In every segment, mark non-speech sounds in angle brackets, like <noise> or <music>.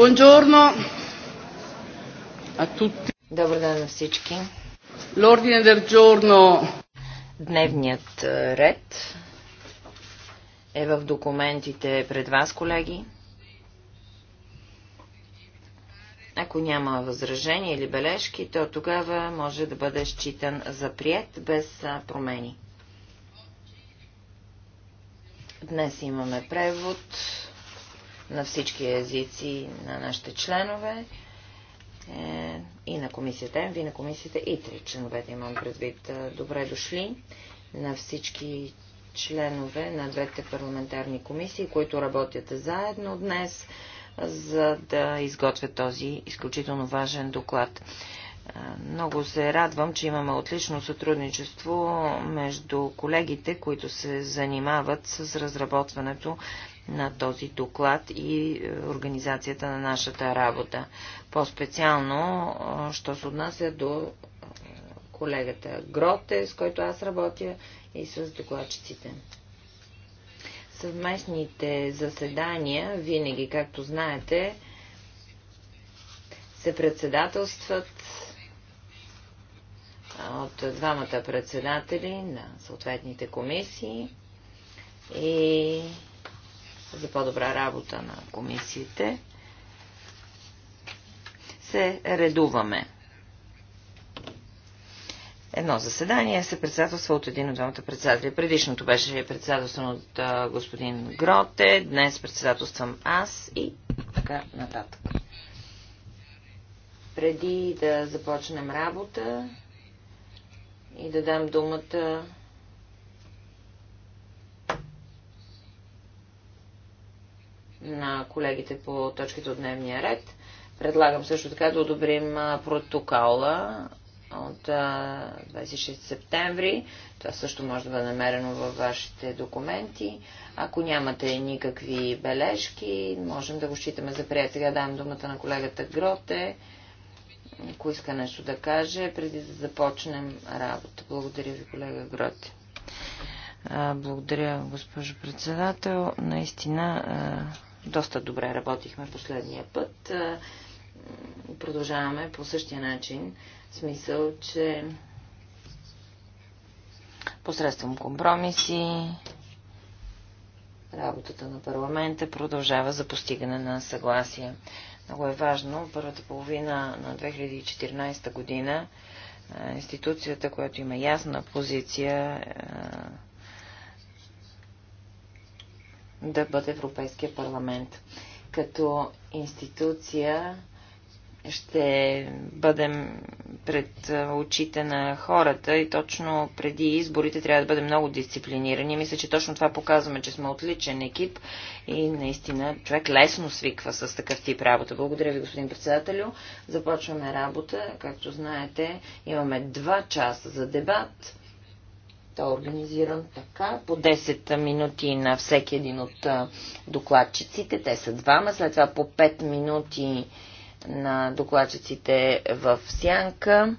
Buongiorno a tutti. Добър ден на всички. L'ordine del giorno. Дневният е, ред е в документите пред вас, колеги. Ако няма възражения или бележки, то тогава може да бъде считан за прият без промени. Днес имаме превод на всички езици на нашите членове е, и на комисията МВ, на комисията и три Членовете имам предвид е, добре дошли на всички членове на двете парламентарни комисии, които работят заедно днес, за да изготвят този изключително важен доклад. Е, много се радвам, че имаме отлично сътрудничество между колегите, които се занимават с разработването на този доклад и е, организацията на нашата работа. По-специално, е, що се отнася до е, колегата Гроте, с който аз работя и с докладчиците. Съвместните заседания винаги, както знаете, се председателстват от двамата председатели на съответните комисии и за по-добра работа на комисиите, се редуваме. Едно заседание се председателства от един от двамата председатели. Предишното беше председателство от господин Гроте, днес председателствам аз и така нататък. Преди да започнем работа и да дам думата на колегите по точките от дневния ред. Предлагам също така да одобрим протокола от 26 септември. Това също може да бъде намерено във вашите документи. Ако нямате никакви бележки, можем да го считаме за прият. Сега давам думата на колегата Гроте, ако иска нещо да каже, преди да започнем работа. Благодаря ви, колега Гроте. Благодаря, госпожо председател. Наистина доста добре работихме последния път. Е, продължаваме по същия начин. В смисъл, че посредством компромиси работата на парламента продължава за постигане на съгласие. Много е важно първата половина на 2014 година е, институцията, която има ясна позиция е, да бъде Европейския парламент. Като институция ще бъдем пред очите на хората и точно преди изборите трябва да бъдем много дисциплинирани. Мисля, че точно това показваме, че сме отличен екип и наистина човек лесно свиква с такъв тип работа. Благодаря ви, господин председателю. Започваме работа. Както знаете, имаме два часа за дебат е организиран така, по 10 минути на всеки един от докладчиците. Те са двама, след това по 5 минути на докладчиците в сянка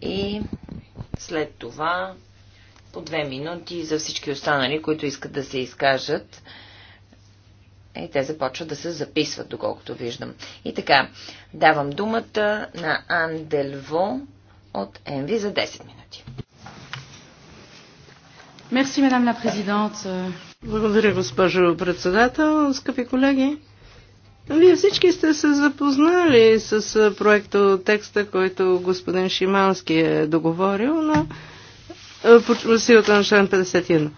и след това по 2 минути за всички останали, които искат да се изкажат. И те започват да се записват, доколкото виждам. И така, давам думата на Анделво от Енви за 10 минути. Благодаря, госпожо председател. Скъпи колеги, вие всички сте се запознали с проекто текста, който господин Шимански е договорил на силата на член 51.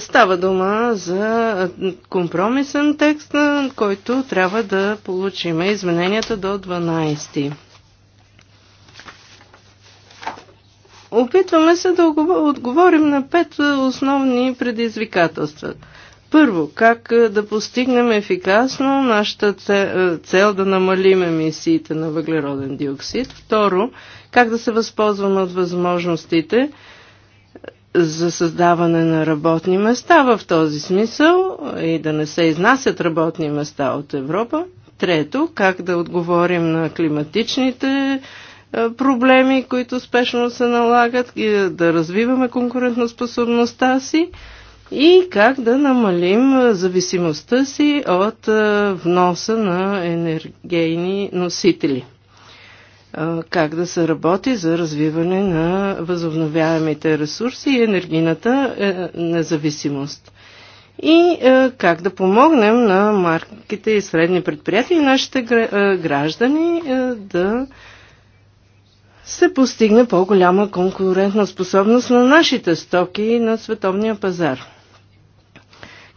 Става дума за компромисен текст, който трябва да получим измененията до 12. Опитваме се да отговорим на пет основни предизвикателства. Първо, как е, да постигнем ефикасно нашата е, цел да намалим емисиите на въглероден диоксид. Второ, как да се възползваме от възможностите е, за създаване на работни места в този смисъл и да не се изнасят работни места от Европа. Трето, как да отговорим на климатичните е, проблеми, които спешно се налагат, и да развиваме конкурентоспособността си и как да намалим е, зависимостта си от е, вноса на енергийни носители. Как да се работи за развиване на възобновяемите ресурси и енергийната независимост. И как да помогнем на марките и средни предприятия и нашите граждани да се постигне по-голяма конкурентна способност на нашите стоки на световния пазар.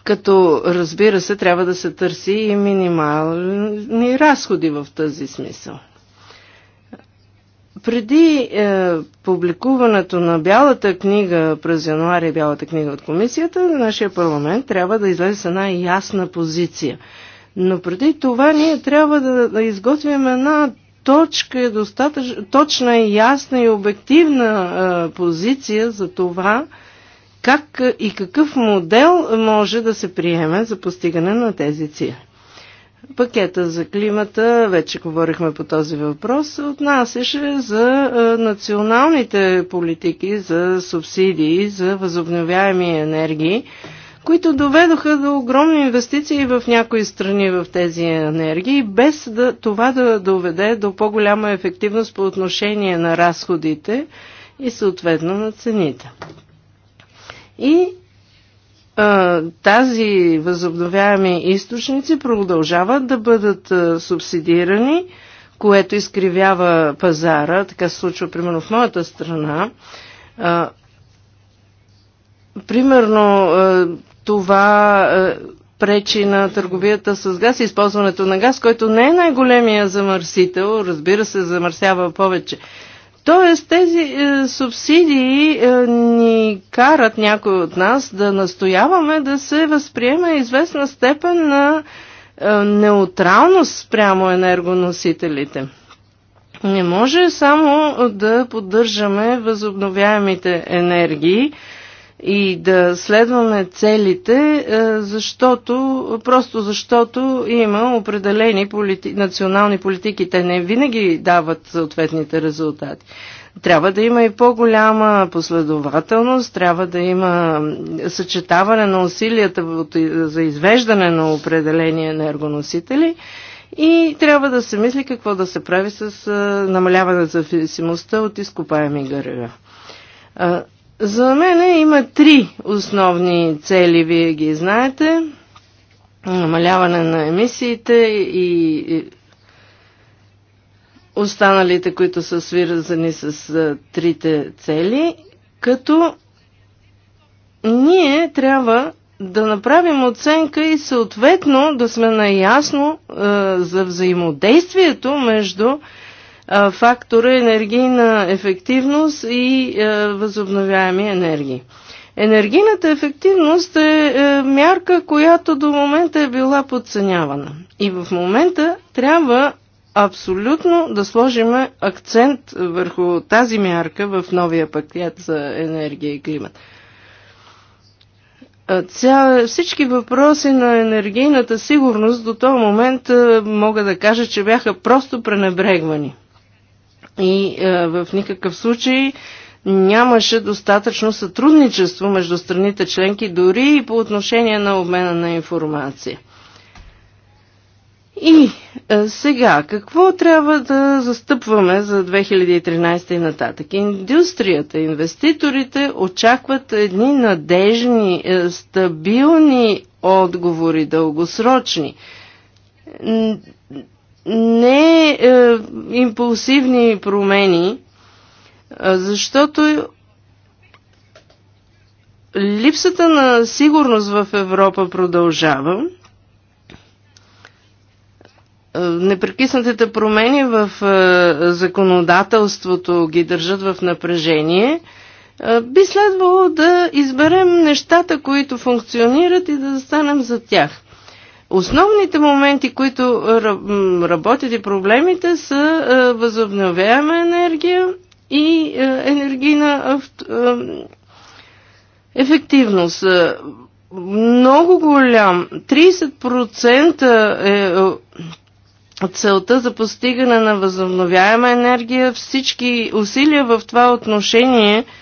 Като разбира се, трябва да се търси и минимални разходи в тази смисъл. Преди е, публикуването на Бялата книга през януари, Бялата книга от комисията, нашия парламент трябва да излезе с една ясна позиция. Но преди това ние трябва да, да изготвим една точка, достатъч, точна, ясна и обективна а, позиция за това, как и какъв модел може да се приеме за постигане на тези цели. Пакета за климата, вече говорихме по този въпрос, отнасяше за националните политики за субсидии, за възобновяеми енергии които доведоха до огромни инвестиции в някои страни в тези енергии, без да, това да доведе до по-голяма ефективност по отношение на разходите и съответно на цените. И а, тази възобновяеми източници продължават да бъдат а, субсидирани, което изкривява пазара. Така се случва примерно в моята страна. А, примерно това е, пречи на търговията с газ и използването на газ, който не е най-големия замърсител, разбира се, замърсява повече. Тоест тези е, субсидии е, ни карат някой от нас да настояваме да се възприеме известна степен на е, неутралност спрямо енергоносителите. Не може само да поддържаме възобновяемите енергии, и да следваме целите, е, защото, просто защото има определени полити, национални политики. Те не винаги дават съответните резултати. Трябва да има и по-голяма последователност, трябва да има съчетаване на усилията за извеждане на определени енергоносители и трябва да се мисли какво да се прави с е, намаляване на зависимостта от изкопаеми горива е, за мен има три основни цели, вие ги знаете. Намаляване на емисиите и останалите, които са свързани с трите цели, като ние трябва да направим оценка и съответно да сме наясно е, за взаимодействието между фактора е енергийна ефективност и възобновяеми енергии. Енергийната ефективност е, е мярка, която до момента е била подценявана. И в момента трябва абсолютно да сложим акцент върху тази мярка в новия пакет за енергия и климат. Ця, всички въпроси на енергийната сигурност до този момент мога да кажа, че бяха просто пренебрегвани и е, в никакъв случай нямаше достатъчно сътрудничество между страните членки, дори и по отношение на обмена на информация. И е, сега, какво трябва да застъпваме за 2013 и нататък? Индустрията, инвеститорите очакват едни надежни, е, стабилни отговори, дългосрочни не е, импулсивни промени, е, защото липсата на сигурност в Европа продължава. Е, непрекъснатите промени в е, законодателството ги държат в напрежение. Би следвало да изберем нещата, които функционират и да застанем за тях. Основните моменти, които работят и проблемите са е, възобновяема енергия и е, енергийна е, ефективност. Много голям, 30% е целта за постигане на възобновяема енергия. Всички усилия в това отношение –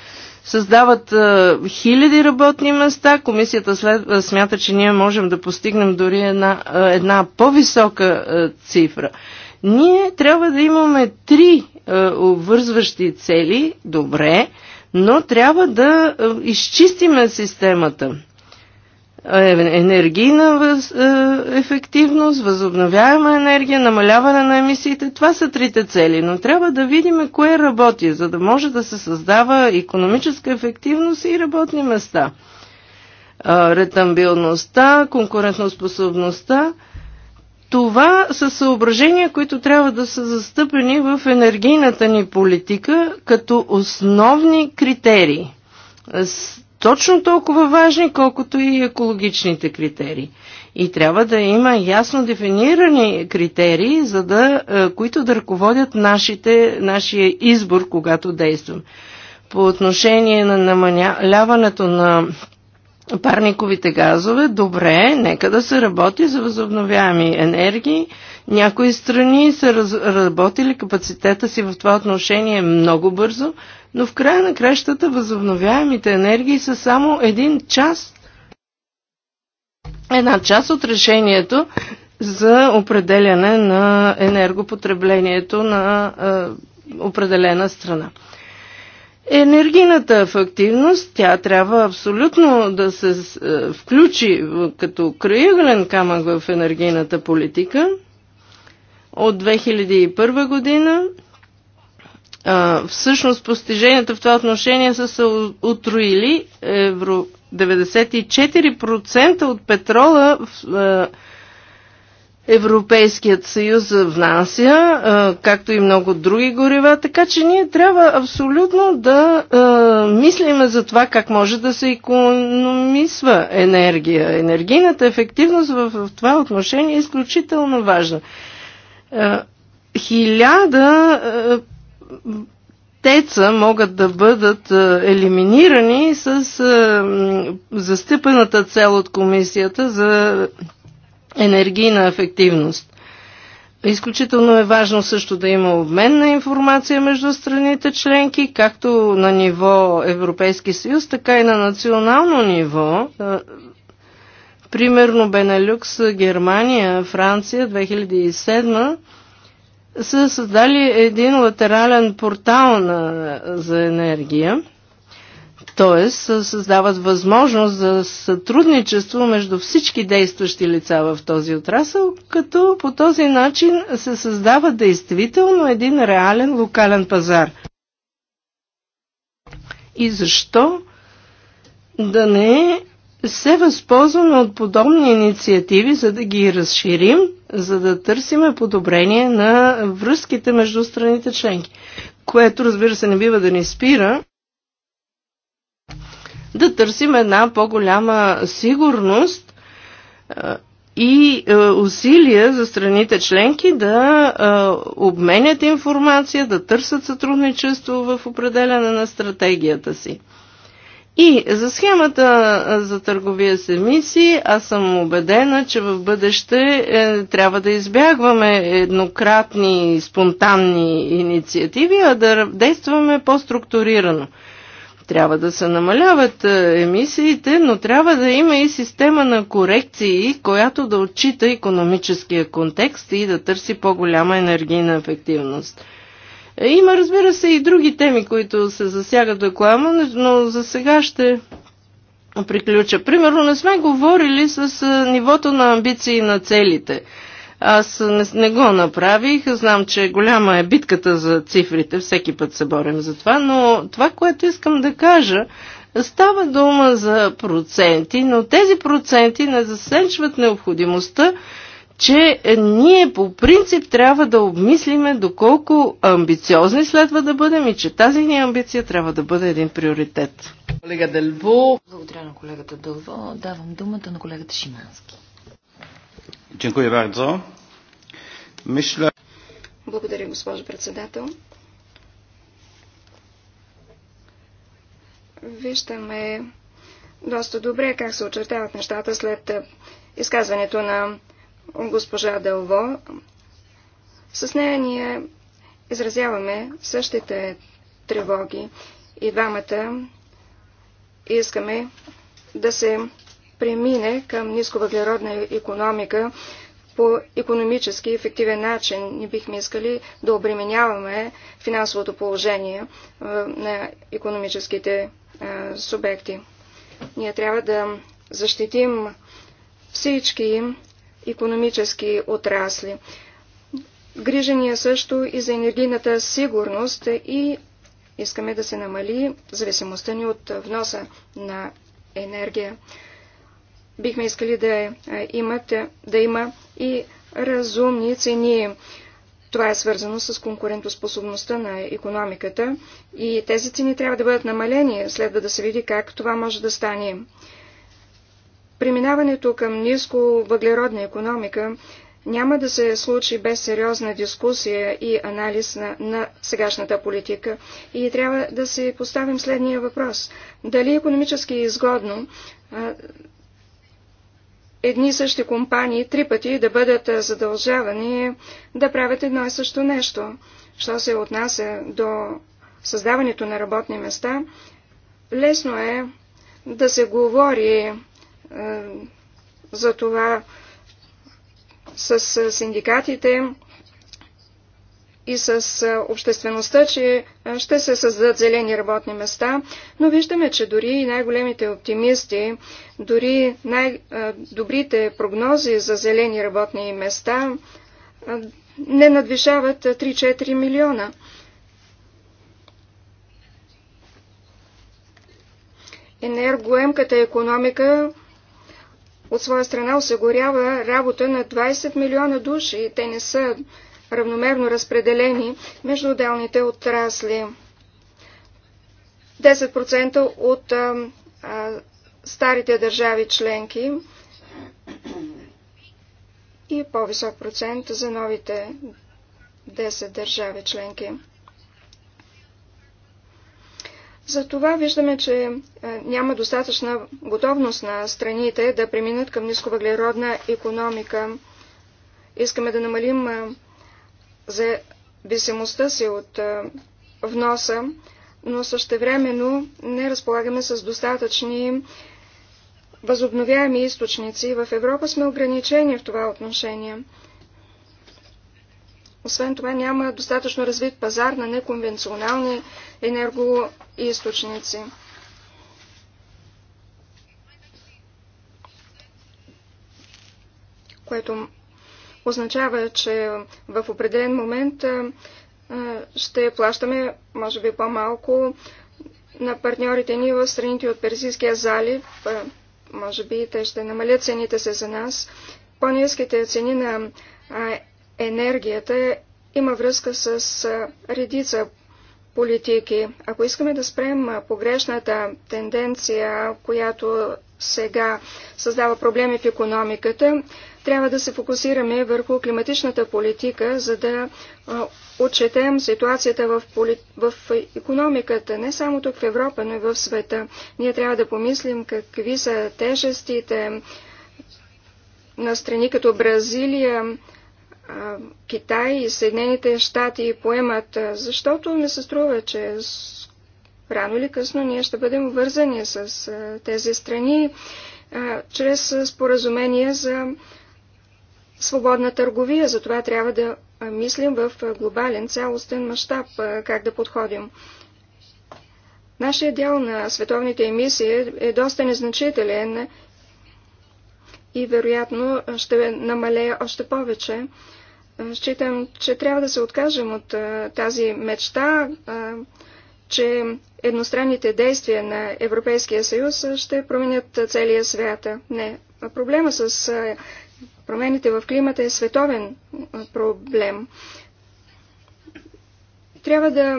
създават а, хиляди работни места. Комисията след, а, смята, че ние можем да постигнем дори една, а, една по-висока цифра. Ние трябва да имаме три а, обвързващи цели, добре, но трябва да а, изчистиме системата. Е, енергийна въз, е, ефективност, възобновяема енергия, намаляване на емисиите. Това са трите цели, но трябва да видим кое работи, за да може да се създава економическа ефективност и работни места. Е, ретамбилността, конкурентоспособността. Това са съображения, които трябва да са застъпени в енергийната ни политика като основни критерии точно толкова важни, колкото и екологичните критерии. И трябва да има ясно дефинирани критерии, за да, е, които да ръководят нашите, нашия избор, когато действаме. По отношение на намаляването на парниковите газове, добре, нека да се работи за възобновяеми енергии. Някои страни са раз, работили капацитета си в това отношение много бързо, но в края на кращата възобновяемите енергии са само един част, една част от решението за определяне на енергопотреблението на е, определена страна. Енергийната ефективност, тя трябва абсолютно да се включи като краъгълен камък в енергийната политика. От 2001 година всъщност постиженията в това отношение са се отруили. Евро 94% от петрола в Европейският съюз внася, както и много други горива, така че ние трябва абсолютно да мислиме за това как може да се економисва енергия. Енергийната ефективност в това отношение е изключително важна. Хиляда теца могат да бъдат е, елиминирани с е, застъпената цел от комисията за енергийна ефективност. Изключително е важно също да има обмен на информация между страните членки, както на ниво Европейски съюз, така и на национално ниво. Е, примерно Бенелюкс, Германия, Франция 2007 са създали един латерален портал на, за енергия, т.е. създават възможност за сътрудничество между всички действащи лица в този отрасъл, като по този начин се създава действително един реален локален пазар. И защо да не се възползваме от подобни инициативи, за да ги разширим, за да търсиме подобрение на връзките между страните членки, което разбира се не бива да ни спира да търсим една по-голяма сигурност и усилия за страните членки да обменят информация, да търсят сътрудничество в определяне на стратегията си. И за схемата за търговия с емисии, аз съм убедена, че в бъдеще е, трябва да избягваме еднократни, спонтанни инициативи, а да действаме по-структурирано. Трябва да се намаляват е, емисиите, но трябва да има и система на корекции, която да отчита економическия контекст и да търси по-голяма енергийна ефективност. Има, разбира се, и други теми, които се засягат реклама, но за сега ще приключа. Примерно не сме говорили с нивото на амбиции на целите. Аз не, не го направих. Знам, че голяма е битката за цифрите. Всеки път се борим за това. Но това, което искам да кажа, става дума за проценти, но тези проценти не засенчват необходимостта че ние по принцип трябва да обмислиме доколко амбициозни следва да бъдем и че тази ни амбиция трябва да бъде един приоритет. Колега Дълво. Благодаря на колегата Дълво. Давам думата на колегата Шимански. Дякую бардзо. Мисля... Благодаря, госпожо председател. Виждаме доста добре как се очертават нещата след е, изказването на госпожа Дълво. С нея ние изразяваме същите тревоги и двамата искаме да се премине към нисковъглеродна економика по економически ефективен начин. Не бихме искали да обременяваме финансовото положение на економическите субекти. Ние трябва да защитим всички економически отрасли. Грижения също и за енергийната сигурност и искаме да се намали зависимостта ни от вноса на енергия. Бихме искали да, е, имат, да има и разумни цени. Това е свързано с конкурентоспособността на економиката и тези цени трябва да бъдат намалени. Следва да се види как това може да стане. Преминаването към ниско въглеродна економика няма да се случи без сериозна дискусия и анализ на, на сегашната политика. И трябва да си поставим следния въпрос. Дали е економически изгодно а, едни и същи компании три пъти да бъдат задължавани да правят едно и също нещо? Що се отнася до създаването на работни места, лесно е да се говори е, за това с синдикатите и с е, обществеността, че е, ще се създадат зелени работни места, но виждаме, че дори и най-големите оптимисти, дори най-добрите прогнози за зелени работни места не надвишават 3-4 милиона. Енергоемката економика от своя страна осигурява работа на 20 милиона души и те не са равномерно разпределени между отделните отрасли. 10% от а, а, старите държави членки и по-висок процент за новите 10 държави членки. За това виждаме, че е, няма достатъчна готовност на страните да преминат към нисковъглеродна економика. Искаме да намалим е, зависимостта си от е, вноса, но същевременно не разполагаме с достатъчни възобновяеми източници. В Европа сме ограничени в това отношение. Освен това няма достатъчно развит пазар на неконвенционални енергоисточници. Което означава, че в определен момент ще плащаме, може би по-малко, на партньорите ни в страните от Персийския залив. Може би те ще намалят цените се за нас. По-низките цени на енергията има връзка с редица политики. Ако искаме да спрем погрешната тенденция, която сега създава проблеми в економиката, трябва да се фокусираме върху климатичната политика, за да отчетем ситуацията в, поли... в економиката, не само тук в Европа, но и в света. Ние трябва да помислим какви са тежестите на страни като Бразилия, Китай и Съединените щати поемат, защото ми се струва, че рано или късно ние ще бъдем вързани с тези страни чрез споразумение за свободна търговия. Затова трябва да мислим в глобален цялостен мащаб как да подходим. Нашия дял на световните емисии е доста незначителен и вероятно ще намалее още повече. Считам, че трябва да се откажем от тази мечта, че едностранните действия на Европейския съюз ще променят целия свят. Не. Проблема с промените в климата е световен проблем. Трябва да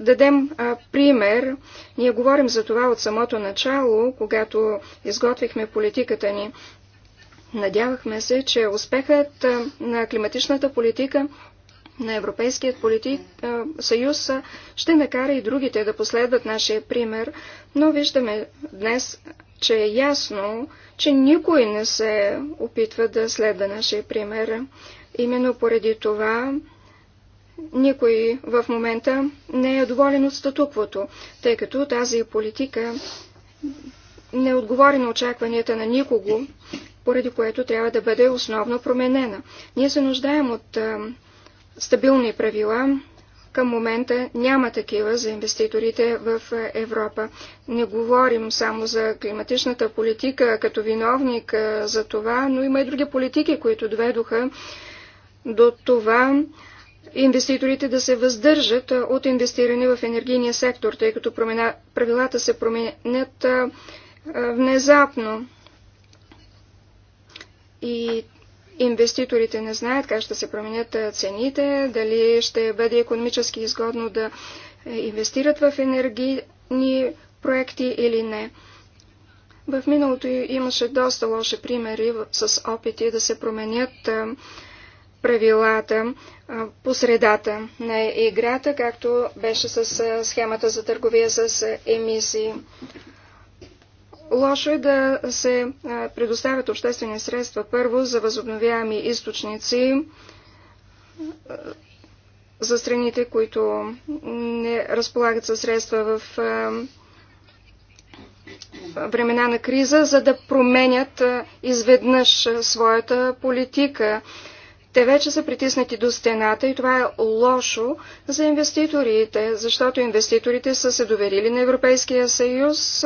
дадем а, пример. Ние говорим за това от самото начало, когато изготвихме политиката ни. Надявахме се, че успехът на климатичната политика на Европейският политик, съюз ще накара и другите да последват нашия пример, но виждаме днес, че е ясно, че никой не се опитва да следва нашия пример. Именно поради това никой в момента не е доволен от статуквото, тъй като тази политика не отговори на очакванията на никого поради което трябва да бъде основно променена. Ние се нуждаем от а, стабилни правила. Към момента няма такива за инвеститорите в Европа. Не говорим само за климатичната политика като виновник а, за това, но има и други политики, които доведоха до това инвеститорите да се въздържат от инвестиране в енергийния сектор, тъй като правилата се променят внезапно и инвеститорите не знаят как ще се променят цените, дали ще бъде економически изгодно да е, инвестират в енергийни проекти или не. В миналото имаше доста лоши примери с опити да се променят правилата по средата на играта, както беше с схемата за търговия с емисии. Лошо е да се предоставят обществени средства първо за възобновяеми източници за страните, които не разполагат със средства в времена на криза, за да променят изведнъж своята политика те вече са притиснати до стената и това е лошо за инвеститорите, защото инвеститорите са се доверили на Европейския съюз,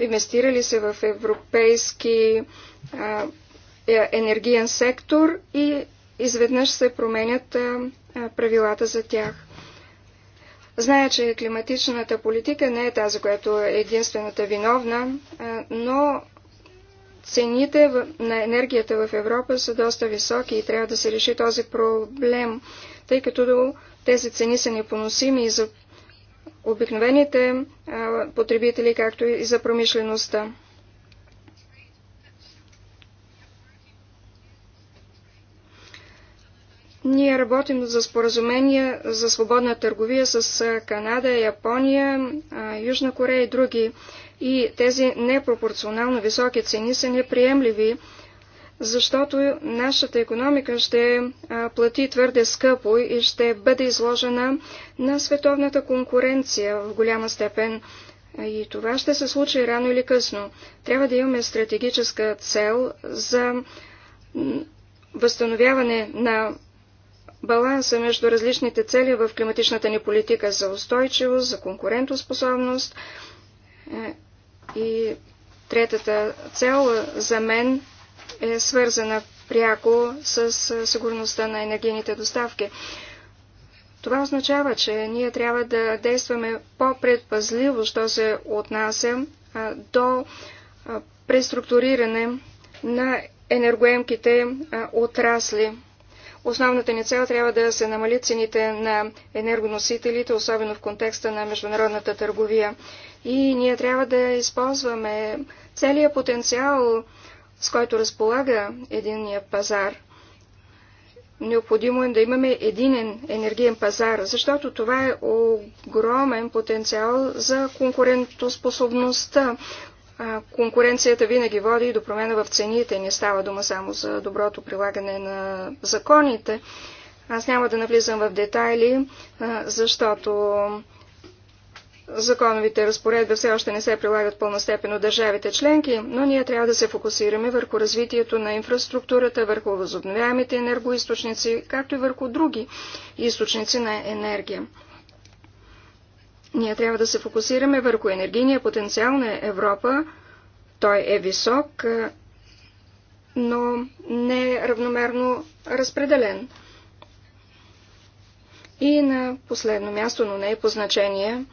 инвестирали се в европейски а, е, енергиен сектор и изведнъж се променят а, правилата за тях. Зная, че климатичната политика не е тази, която е единствената виновна, но Цените на енергията в Европа са доста високи и трябва да се реши този проблем, тъй като тези цени са непоносими и за обикновените потребители, както и за промишлеността. Ние работим за споразумения за свободна търговия с Канада, Япония, Южна Корея и други и тези непропорционално високи цени са неприемливи, защото нашата економика ще плати твърде скъпо и ще бъде изложена на световната конкуренция в голяма степен. И това ще се случи рано или късно. Трябва да имаме стратегическа цел за възстановяване на баланса между различните цели в климатичната ни политика за устойчивост, за конкурентоспособност е, и третата цел за мен е свързана пряко с сигурността на енергийните доставки. Това означава, че ние трябва да действаме по-предпазливо, що се отнася до преструктуриране на енергоемките отрасли. Основната ни цел трябва да се намали цените на енергоносителите, особено в контекста на международната търговия. И ние трябва да използваме целият потенциал, с който разполага единния пазар. Необходимо е да имаме единен енергиен пазар, защото това е огромен потенциал за конкурентоспособността, конкуренцията винаги води до промена в цените. Не става дума само за доброто прилагане на законите. Аз няма да навлизам в детайли, защото законовите разпоредби все още не се прилагат пълна степен от държавите членки, но ние трябва да се фокусираме върху развитието на инфраструктурата, върху възобновяемите енергоисточници, както и върху други източници на енергия. Ние трябва да се фокусираме върху енергийния потенциал на Европа. Той е висок, е, но не е равномерно разпределен. И на последно място, но не е по значение,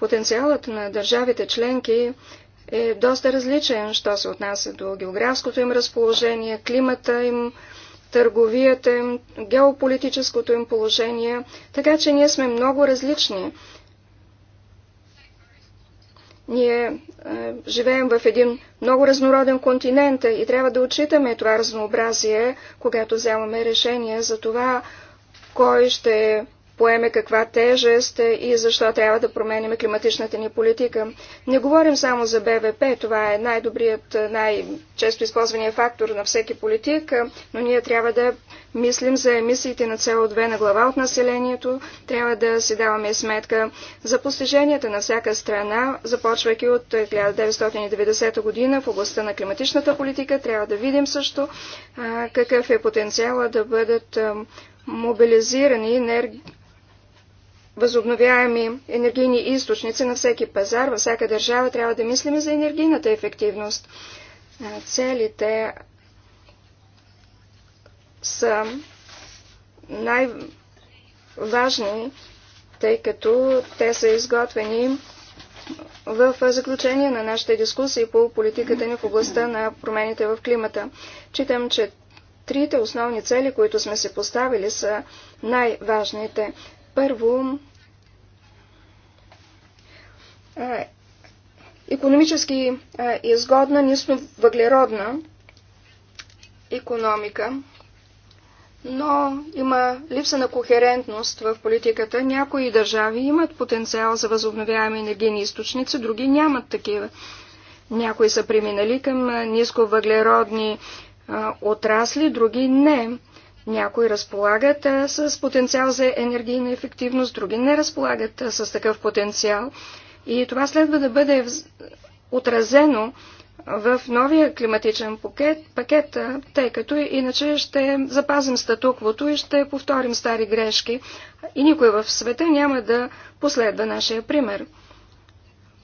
потенциалът на държавите членки е доста различен, що се отнася до географското им разположение, климата им, търговията им, геополитическото им положение, така че ние сме много различни. Ние е, живеем в един много разнороден континент и трябва да отчитаме това разнообразие, когато вземаме решение за това, кой ще поеме каква тежест и защо трябва да променяме климатичната ни политика. Не говорим само за БВП, това е най-добрият, най-често използвания фактор на всеки политик, но ние трябва да мислим за емисиите на CO2 на глава от населението, трябва да си даваме сметка за постиженията на всяка страна, започвайки от 1990 година в областта на климатичната политика, трябва да видим също какъв е потенциала да бъдат мобилизирани енергии възобновяеми енергийни източници на всеки пазар, във всяка държава трябва да мислим за енергийната ефективност. Целите са най-важни, тъй като те са изготвени в заключение на нашите дискусии по политиката ни в областта на промените в климата. Читам, че трите основни цели, които сме си поставили, са най-важните. Първо, економически изгодна, нисно въглеродна економика, но има липса на кохерентност в политиката. Някои държави имат потенциал за възобновяеми енергийни източници, други нямат такива. Някои са преминали към нисковъглеродни отрасли, други не. Някои разполагат с потенциал за енергийна ефективност, други не разполагат с такъв потенциал. И това следва да бъде отразено в новия климатичен пакет, пакет тъй като иначе ще запазим статуквото и ще повторим стари грешки и никой в света няма да последва нашия пример.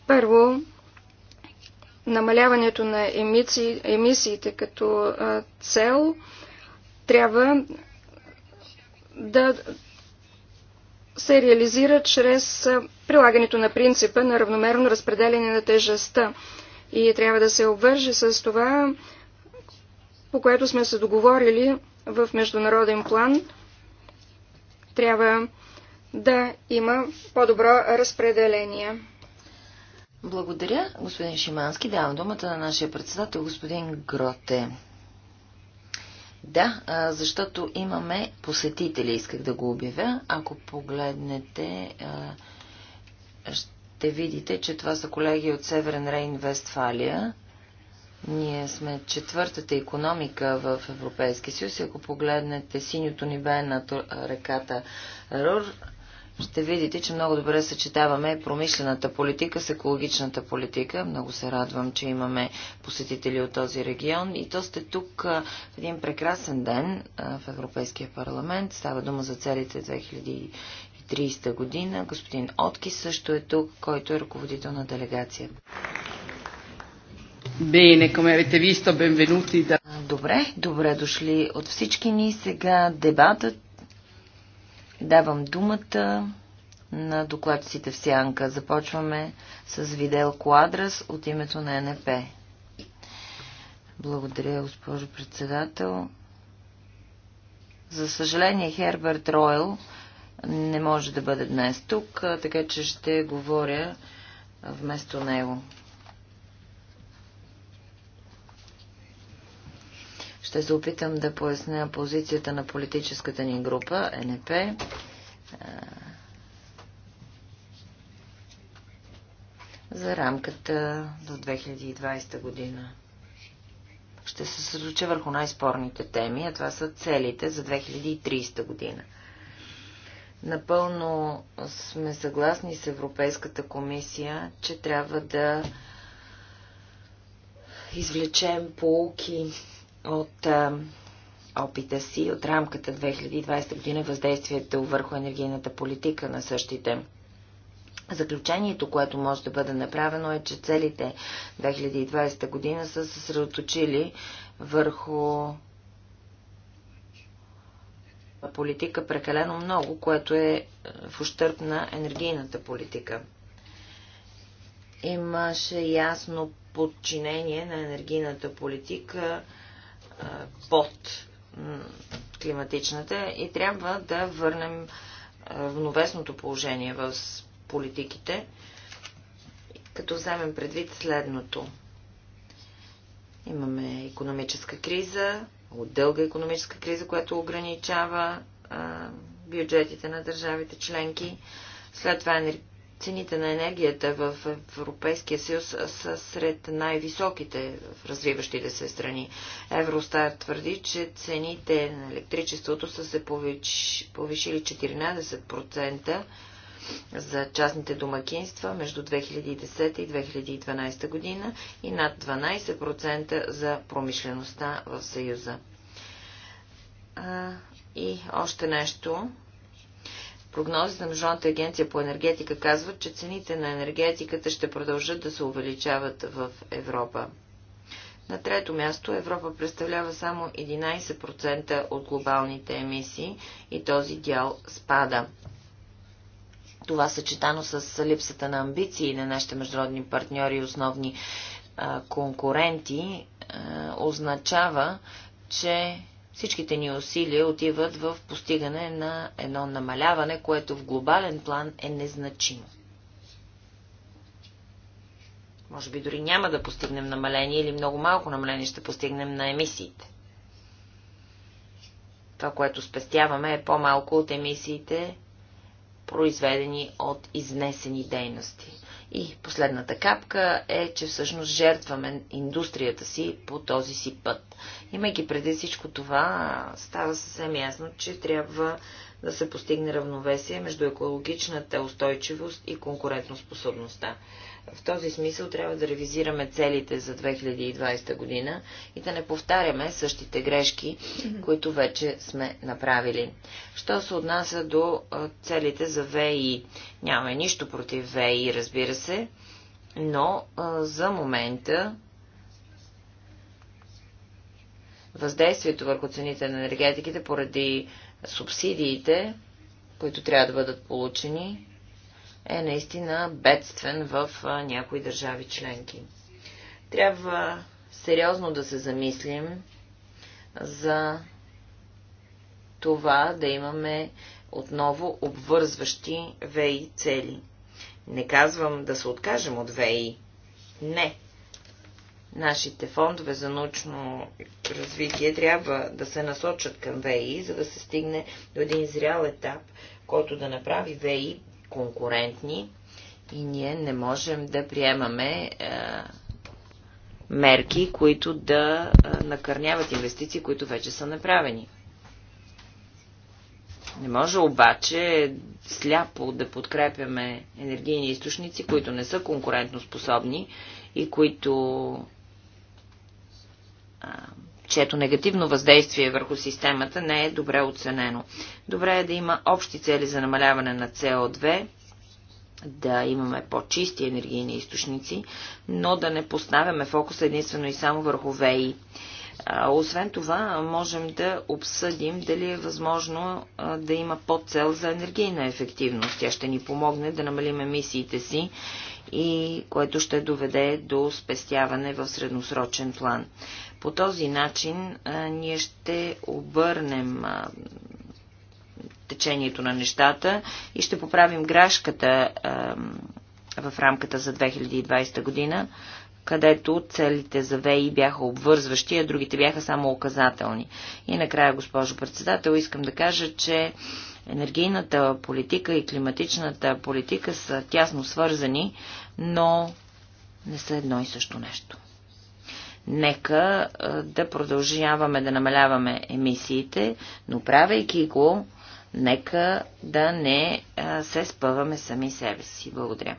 Първо, намаляването на емисии, емисиите като цел – трябва да се реализира чрез прилагането на принципа на равномерно разпределение на тежестта и трябва да се обвърже с това, по което сме се договорили в международен план. Трябва да има по-добро разпределение. Благодаря, господин Шимански. Давам думата на нашия председател, господин Гроте. Да, защото имаме посетители, исках да го обявя. Ако погледнете, ще видите, че това са колеги от Северен Рейн, Вестфалия. Ние сме четвъртата економика в Европейския съюз. Ако погледнете синьото небе на реката Рур, ще видите, че много добре съчетаваме промишлената политика с екологичната политика. Много се радвам, че имаме посетители от този регион. И то сте тук в един прекрасен ден в Европейския парламент. Става дума за целите 2030 година. Господин Отки също е тук, който е ръководител на делегация. Bene, come avete visto, benvenuti da... Добре, добре дошли от всички ни. Сега дебатът Давам думата на докладците в сянка. Започваме с Видел Куадрас от името на НП. Благодаря, госпожо председател. За съжаление, Херберт Ройл не може да бъде днес тук, така че ще говоря вместо него. Ще се опитам да поясня позицията на политическата ни група, НП. за рамката до 2020 година. Ще се съсредоча върху най-спорните теми, а това са целите за 2030 година. Напълно сме съгласни с Европейската комисия, че трябва да извлечем полуки от а, опита си, от рамката 2020 година въздействието върху енергийната политика на същите. Заключението, което може да бъде направено е, че целите 2020 година са съсредоточили върху политика прекалено много, което е, е в ущърп на енергийната политика. Имаше ясно подчинение на енергийната политика под климатичната и трябва да върнем новесното положение в политиките, като вземем предвид следното. Имаме економическа криза, от дълга економическа криза, която ограничава бюджетите на държавите членки. След това Цените на енергията в Европейския съюз са сред най-високите в развиващите се страни. Евростар твърди, че цените на електричеството са се повишили 14% за частните домакинства между 2010 и 2012 година и над 12% за промишлеността в Съюза. И още нещо, Прогнозите на Международната агенция по енергетика казват, че цените на енергетиката ще продължат да се увеличават в Европа. На трето място Европа представлява само 11% от глобалните емисии и този дял спада. Това съчетано с липсата на амбиции на нашите международни партньори и основни а, конкуренти а, означава, че Всичките ни усилия отиват в постигане на едно намаляване, което в глобален план е незначимо. Може би дори няма да постигнем намаление или много малко намаление ще постигнем на емисиите. Това, което спестяваме е по-малко от емисиите, произведени от изнесени дейности. И последната капка е, че всъщност жертваме индустрията си по този си път. Имайки преди всичко това, става съвсем ясно, че трябва да се постигне равновесие между екологичната устойчивост и конкурентоспособността. В този смисъл трябва да ревизираме целите за 2020 година и да не повтаряме същите грешки, които вече сме направили. Що се отнася до целите за ВИ? Нямаме нищо против ВИ, разбира се, но за момента въздействието върху цените на енергетиките поради субсидиите, които трябва да бъдат получени, е наистина бедствен в някои държави членки. Трябва сериозно да се замислим за това да имаме отново обвързващи ВИ цели. Не казвам да се откажем от ВИ. Не. Нашите фондове за научно развитие трябва да се насочат към ВИ, за да се стигне до един зрял етап, който да направи ВИ конкурентни и ние не можем да приемаме е, мерки, които да е, накърняват инвестиции, които вече са направени. Не може обаче сляпо да подкрепяме енергийни източници, които не са конкурентно способни и които чието негативно въздействие върху системата не е добре оценено. Добре е да има общи цели за намаляване на CO2, да имаме по-чисти енергийни източници, но да не поставяме фокус единствено и само върху ВИ. Освен това, можем да обсъдим дали е възможно да има подцел за енергийна ефективност. Тя ще ни помогне да намалим емисиите си и което ще доведе до спестяване в средносрочен план. По този начин а, ние ще обърнем а, течението на нещата и ще поправим грешката в рамката за 2020 година, където целите за ВИ бяха обвързващи, а другите бяха само указателни. И накрая, госпожо председател, искам да кажа, че Енергийната политика и климатичната политика са тясно свързани, но не са едно и също нещо. Нека да продължаваме да намаляваме емисиите, но правейки го, нека да не се спъваме сами себе си. Благодаря.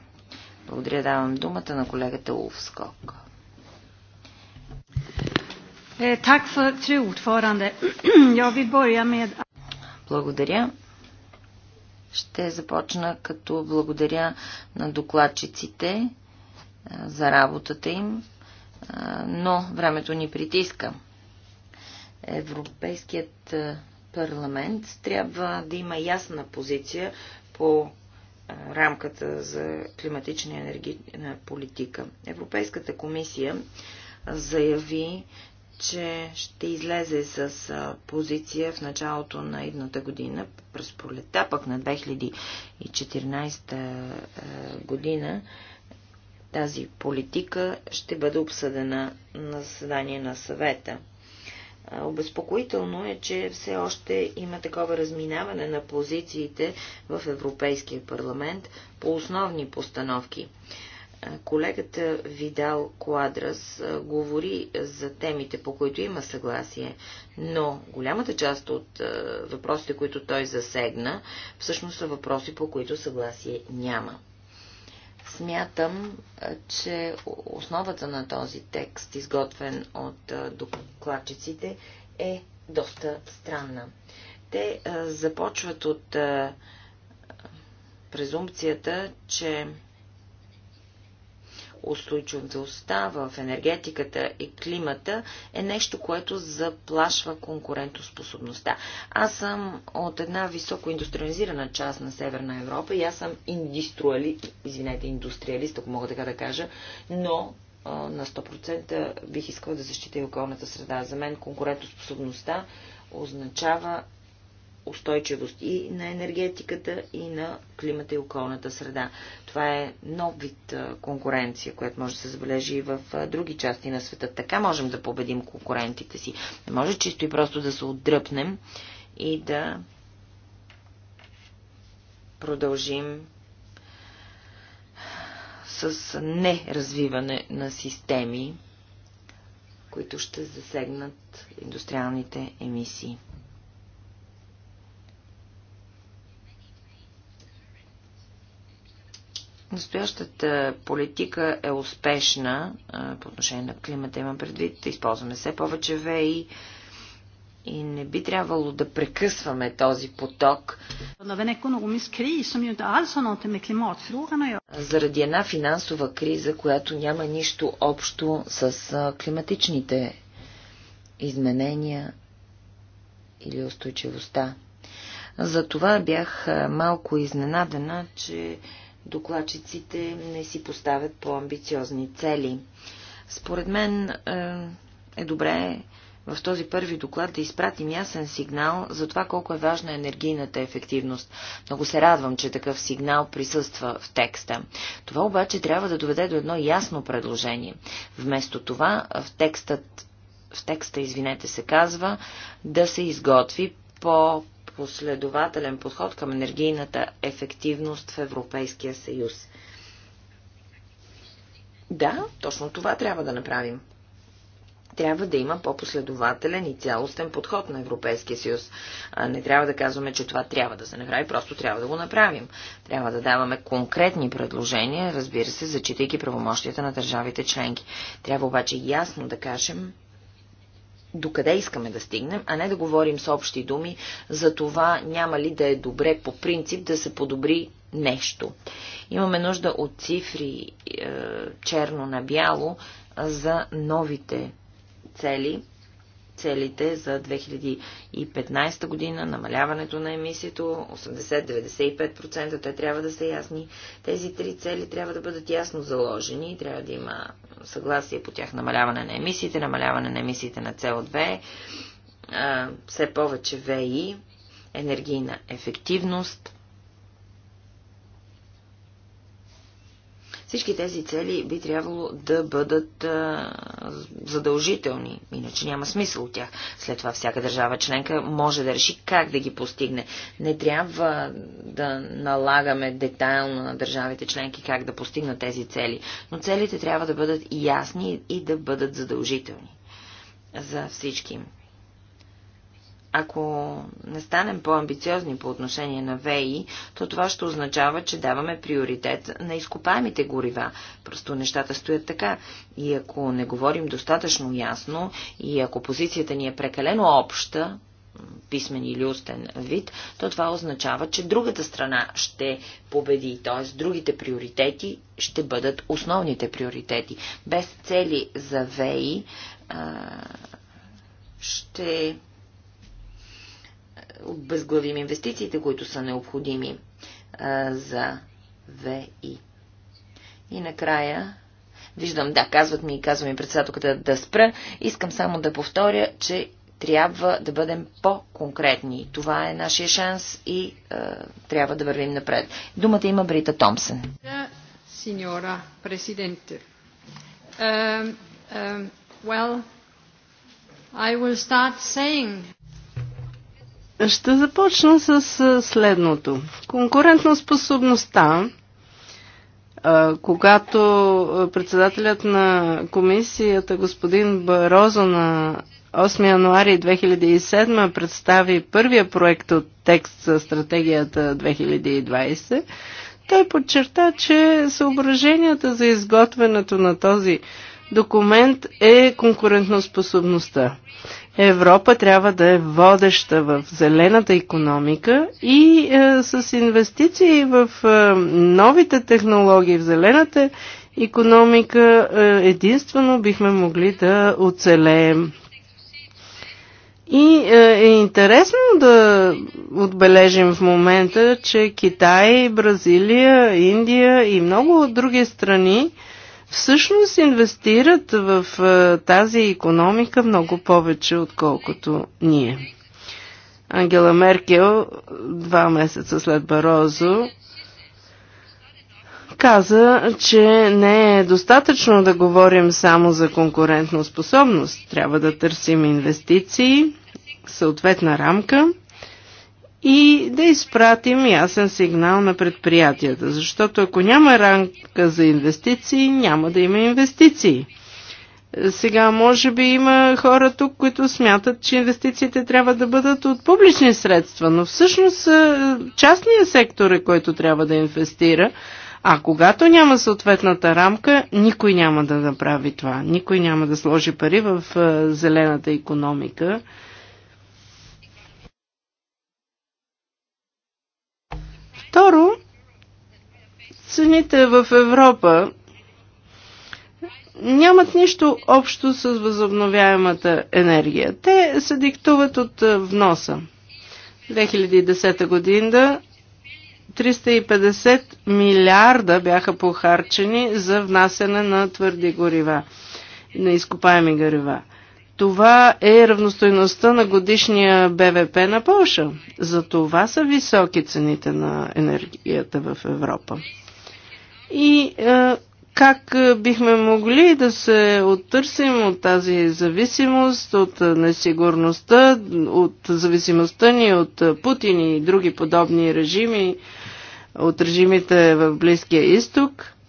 Благодаря, давам думата на колегата Улфскок. Е, е. <clears throat> е- Благодаря. Ще започна като благодаря на докладчиците за работата им, но времето ни притиска. Европейският парламент трябва да има ясна позиция по рамката за климатична енергийна политика. Европейската комисия заяви, че ще излезе с позиция в началото на едната година, през пролета, пък на 2014 година. Тази политика ще бъде обсъдена на заседание на съвета. Обезпокоително е, че все още има такова разминаване на позициите в Европейския парламент по основни постановки. Колегата Видал Куадрас говори за темите, по които има съгласие, но голямата част от въпросите, които той засегна, всъщност са въпроси, по които съгласие няма. Смятам, че основата на този текст, изготвен от докладчиците, е доста странна. Те започват от презумпцията, че устойчивостта в енергетиката и климата е нещо, което заплашва конкурентоспособността. Аз съм от една високо индустриализирана част на Северна Европа и аз съм индустриали... извинете, индустриалист, ако мога така да кажа, но на 100% бих искала да защитя и околната среда. За мен конкурентоспособността означава устойчивост и на енергетиката, и на климата и околната среда. Това е нов вид конкуренция, която може да се забележи и в други части на света. Така можем да победим конкурентите си. Не може чисто и просто да се отдръпнем и да продължим с неразвиване на системи, които ще засегнат индустриалните емисии. Настоящата политика е успешна по отношение на климата. Имам предвид, да използваме все повече веи и не би трябвало да прекъсваме този поток. Заради една финансова криза, която няма нищо общо с климатичните изменения или устойчивостта. Затова бях малко изненадена, че докладчиците не си поставят по-амбициозни цели. Според мен е, е добре в този първи доклад да изпратим ясен сигнал за това колко е важна енергийната ефективност. Много се радвам, че такъв сигнал присъства в текста. Това обаче трябва да доведе до едно ясно предложение. Вместо това в текстът в текста, извинете, се казва да се изготви по последователен подход към енергийната ефективност в Европейския съюз. Да, точно това трябва да направим. Трябва да има по-последователен и цялостен подход на Европейския съюз. Не трябва да казваме, че това трябва да се направи, просто трябва да го направим. Трябва да даваме конкретни предложения, разбира се, зачитайки правомощията на държавите членки. Трябва обаче ясно да кажем докъде искаме да стигнем, а не да говорим с общи думи за това няма ли да е добре по принцип да се подобри нещо. Имаме нужда от цифри е, черно на бяло за новите цели целите за 2015 година, намаляването на емисието, 80-95%, те трябва да са ясни. Тези три цели трябва да бъдат ясно заложени, трябва да има съгласие по тях намаляване на емисиите, намаляване на емисиите на CO2, все повече ВИ, енергийна ефективност – Всички тези цели би трябвало да бъдат а, задължителни, иначе няма смисъл от тях. След това всяка държава членка може да реши как да ги постигне. Не трябва да налагаме детайлно на държавите членки как да постигнат тези цели, но целите трябва да бъдат ясни и да бъдат задължителни за всички. Ако не станем по-амбициозни по отношение на ВЕИ, то това ще означава, че даваме приоритет на изкопаемите горива. Просто нещата стоят така. И ако не говорим достатъчно ясно и ако позицията ни е прекалено обща, писмен или устен вид, то това означава, че другата страна ще победи, т.е. другите приоритети ще бъдат основните приоритети. Без цели за ВЕИ ще обезглавим инвестициите, които са необходими а, за ВИ. И накрая Виждам, да, казват ми и казва ми председателката да спра. Искам само да повторя, че трябва да бъдем по-конкретни. Това е нашия шанс и а, трябва да вървим напред. Думата има Брита Томсен. Синьора президенте. Well, I will start saying... Ще започна с следното. Конкурентна способността, когато председателят на комисията господин Барозо на 8 януари 2007 представи първия проект от текст за стратегията 2020, той подчерта, че съображенията за изготвянето на този документ е конкурентноспособността. Европа трябва да е водеща в зелената економика и е, с инвестиции в е, новите технологии в зелената економика е, единствено бихме могли да оцелеем. И е, е интересно да отбележим в момента, че Китай, Бразилия, Индия и много други страни е, всъщност инвестират в тази економика много повече, отколкото ние. Ангела Меркел, два месеца след Барозо, каза, че не е достатъчно да говорим само за конкурентна способност. Трябва да търсим инвестиции, съответна рамка и да изпратим ясен сигнал на предприятията, защото ако няма рамка за инвестиции, няма да има инвестиции. Сега, може би има хора тук, които смятат, че инвестициите трябва да бъдат от публични средства, но всъщност е, частния сектор е който трябва да инвестира, а когато няма съответната рамка, никой няма да направи това. Никой няма да сложи пари в е, зелената економика Второ, цените в Европа нямат нищо общо с възобновяемата енергия. Те се диктуват от е, вноса. 2010 година 350 милиарда бяха похарчени за внасяне на твърди горива, на изкопаеми горива. Това е равностойността на годишния БВП на Польша. За това са високи цените на енергията в Европа. И е, как е, бихме могли да се оттърсим от тази зависимост, от е, несигурността, от зависимостта ни от е, Путин и други подобни режими, от режимите в Близкия изток –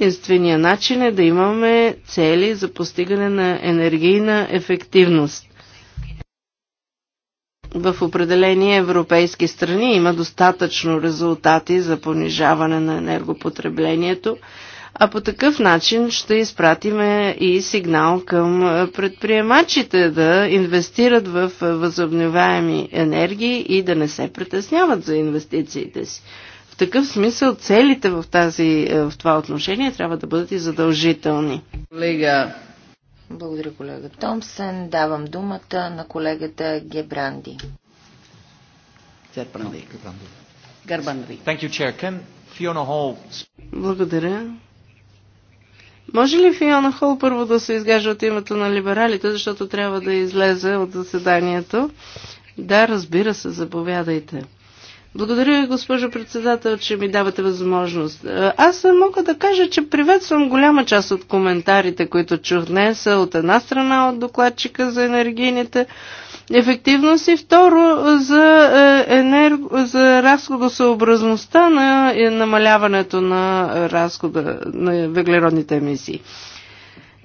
Единствения начин е да имаме цели за постигане на енергийна ефективност. В определени европейски страни има достатъчно резултати за понижаване на енергопотреблението, а по такъв начин ще изпратиме и сигнал към предприемачите да инвестират в възобновяеми енергии и да не се притесняват за инвестициите си такъв смисъл целите в, тази, е, в това отношение трябва да бъдат и задължителни. Лига. Благодаря, колега Томсен. Давам думата на колегата Гебранди. Гербанди. Благодаря. Може ли Фиона Хол първо да се изгаже от името на либералите, защото трябва да излезе от заседанието? Да, разбира се, заповядайте. Благодаря, ви, госпожо председател, че ми давате възможност. Е, аз мога да кажа, че приветствам голяма част от коментарите, които чух днес, е, от една страна от докладчика за енергийните ефективност и второ е, за, енер... за разходосъобразността на намаляването на разхода на въглеродните емисии.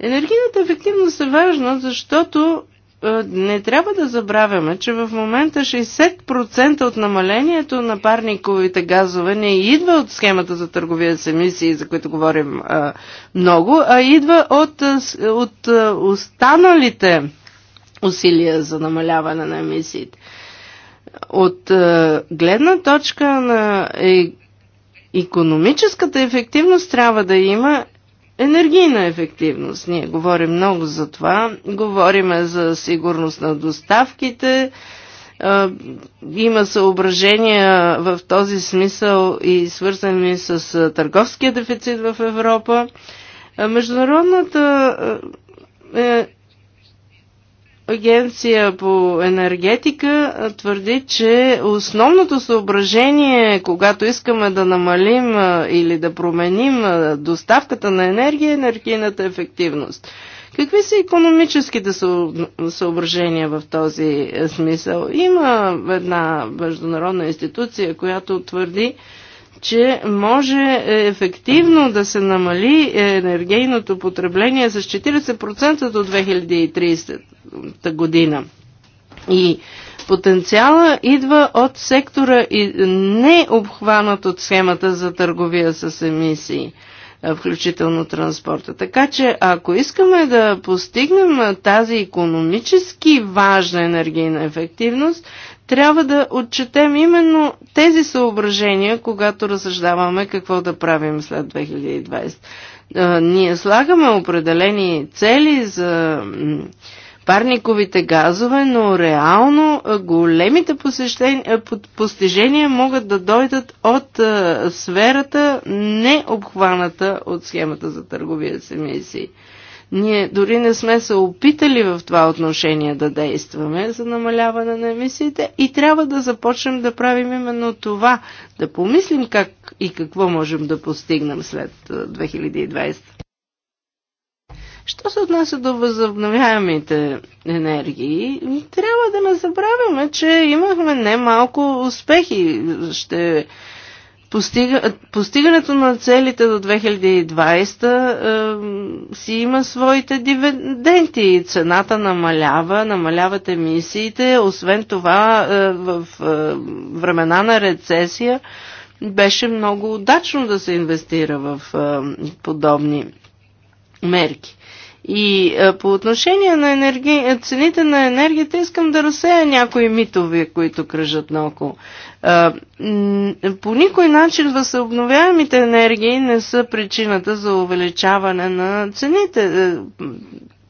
Енергийната ефективност е важна, защото е, не трябва да забравяме, че в момента 60% от намалението на парниковите газове не идва от схемата за търговия с емисии, за които говорим а, е, много, а идва от, е, от останалите усилия за намаляване на емисиите. От а, гледна точка на е, економическата ефективност трябва да има Енергийна ефективност. Ние говорим много за това. Говориме за сигурност на доставките. Има съображения в този смисъл и свързани с търговския дефицит в Европа. Международната е, агенция по енергетика твърди, че основното съображение, когато искаме да намалим или да променим доставката на енергия, е енергийната ефективност. Какви са економическите съображения в този е, смисъл? Има една международна институция, която твърди, че може ефективно да се намали енергийното потребление с 40% до 2030 година. И потенциала идва от сектора и не обхванат от схемата за търговия с емисии, включително транспорта. Така че ако искаме да постигнем тази економически важна енергийна ефективност, трябва да отчетем именно тези съображения, когато разсъждаваме какво да правим след 2020. Ние слагаме определени цели за парниковите газове, но реално големите постижения могат да дойдат от сферата, не обхваната от схемата за търговия с емисии. Ние дори не сме се опитали в това отношение да действаме за намаляване на емисиите и трябва да започнем да правим именно това, да помислим как и какво можем да постигнем след 2020. Що се отнася до възобновяемите енергии, трябва да не забравяме, че имахме немалко успехи. Ще Постига, постигането на целите до 2020 е, си има своите дивиденти. Цената намалява, намаляват емисиите. Освен това, е, в е, времена на рецесия беше много удачно да се инвестира в е, подобни мерки. И е, по отношение на енерги... цените на енергията искам да разсея някои митови, които кръжат наоколо. Е, по никой начин възобновяемите енергии не са причината за увеличаване на цените. Е,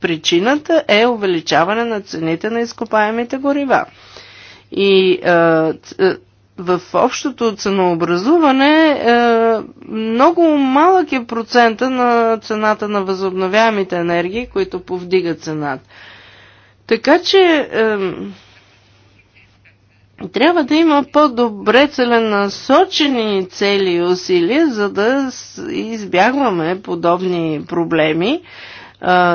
причината е увеличаване на цените на изкопаемите горива. И в общото ценообразуване е, много малък е процента на цената на възобновяемите енергии, които повдигат цената. Така че трябва да има по-добре целенасочени цели и усилия, за да избягваме подобни проблеми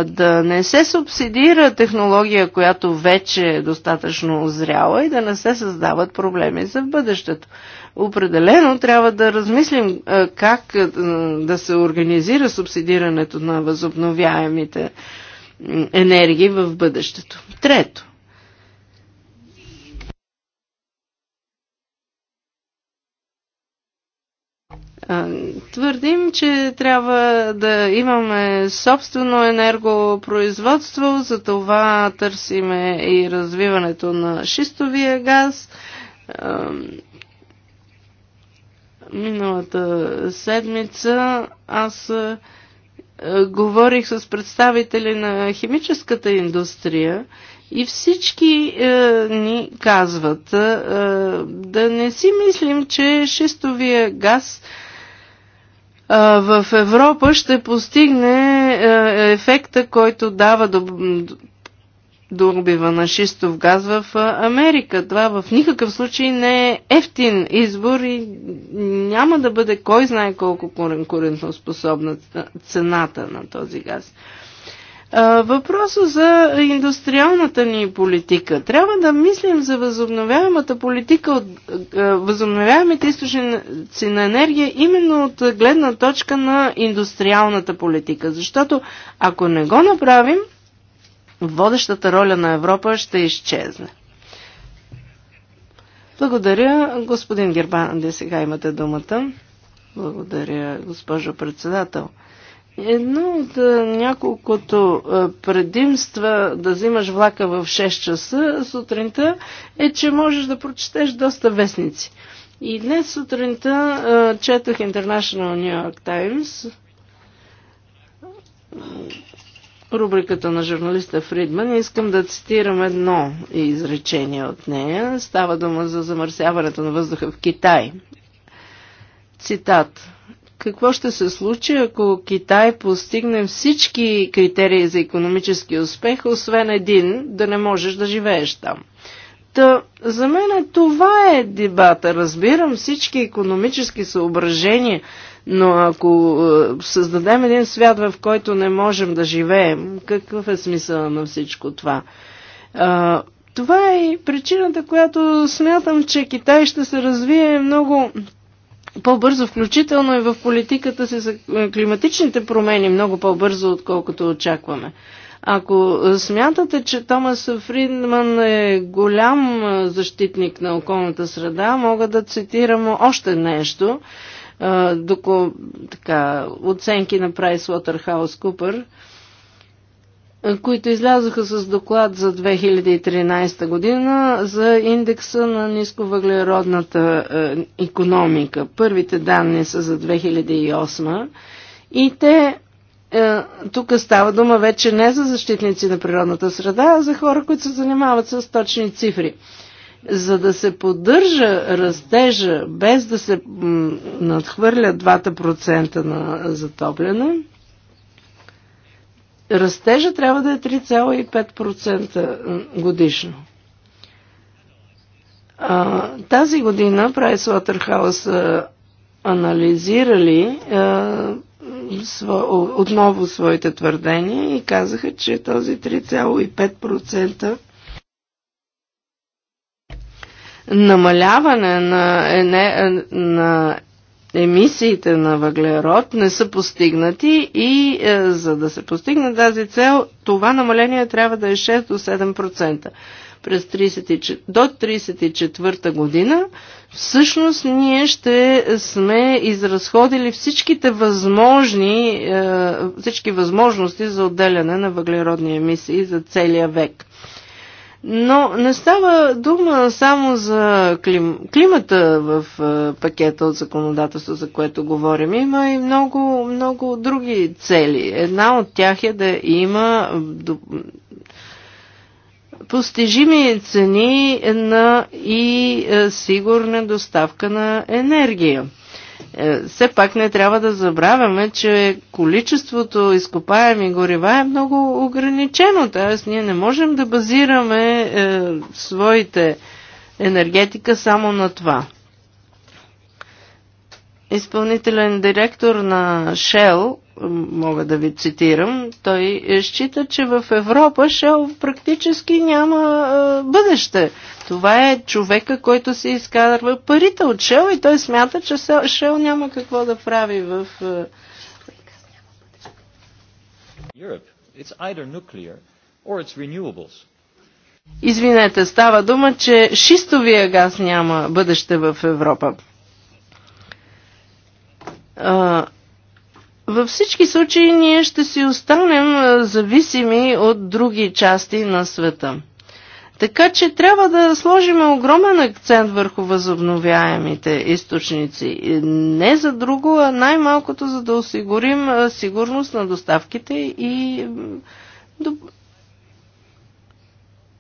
да не се субсидира технология, която вече е достатъчно озряла и да не се създават проблеми за бъдещето. Определено трябва да размислим как да се организира субсидирането на възобновяемите енергии в бъдещето. Трето, Твърдим, че трябва да имаме собствено енергопроизводство, за това търсиме и развиването на шистовия газ. Миналата седмица аз говорих с представители на химическата индустрия и всички е, ни казват е, да не си мислим, че шистовия газ е, в Европа ще постигне ефекта, който дава дурбива на шистов газ в Америка. Това в никакъв случай не е ефтин избор и няма да бъде кой знае колко конкурентно способна цената на този газ. Въпроса за индустриалната ни политика. Трябва да мислим за възобновяемата политика от възобновяемите източници на енергия именно от гледна точка на индустриалната политика. Защото ако не го направим, водещата роля на Европа ще изчезне. Благодаря, господин Гербан, де сега имате думата. Благодаря, госпожо председател. Едно от е, няколкото е, предимства да взимаш влака в 6 часа сутринта е, че можеш да прочетеш доста вестници. И днес сутринта е, четах International New York Times, рубриката на журналиста Фридман. Искам да цитирам едно изречение от нея. Става дума за замърсяването на въздуха в Китай. Цитат какво ще се случи, ако Китай постигне всички критерии за економически успех, освен един, да не можеш да живееш там. Та, за мен е, това е дебата. Разбирам всички економически съображения, но ако е, създадем един свят, в който не можем да живеем, какъв е смисъл на всичко това? Е, това е и причината, която смятам, че Китай ще се развие много по-бързо, включително и в политиката си за е, климатичните промени, много по-бързо, отколкото очакваме. Ако е, смятате, че Томас Фридман е голям е, защитник на околната среда, мога да цитирам още нещо. Доко, така, оценки на PricewaterhouseCoopers е, които излязоха с доклад за 2013 година за индекса на нисковъглеродната економика. Първите данни са за 2008 и те е, тук става дума вече не за защитници на природната среда, а за хора, които се занимават с точни цифри. За да се поддържа растежа без да се надхвърлят 2% на затопляне, растежа трябва да е 3,5% годишно. А, тази година Pricewaterhouse анализирали а, сво, отново своите твърдения и казаха, че този 3,5% намаляване на, ене, на емисиите на въглерод не са постигнати и е, за да се постигне тази цел, това намаление трябва да е 6 до 7%. През 30, до 34 година всъщност ние ще сме изразходили всичките възможни, е, всички възможности за отделяне на въглеродни емисии за целия век. Но не става дума само за клим... климата в е, пакета от законодателство, за което говорим. Има и много, много други цели. Една от тях е да има постижими цени на и е, сигурна доставка на енергия. Е, все пак не трябва да забравяме, че количеството изкопаеми горива е много ограничено, т.е. ние не можем да базираме е, своите енергетика само на това. Изпълнителен директор на Shell мога да ви цитирам, той счита, че в Европа Шел практически няма бъдеще. Това е човека, който се изкарва парите от Шел и той смята, че Шел няма какво да прави в... А... Извинете, става дума, че шистовия газ няма бъдеще в Европа. А, във всички случаи ние ще си останем зависими от други части на света. Така че трябва да сложим огромен акцент върху възобновяемите източници. Не за друго, а най-малкото за да осигурим сигурност на доставките и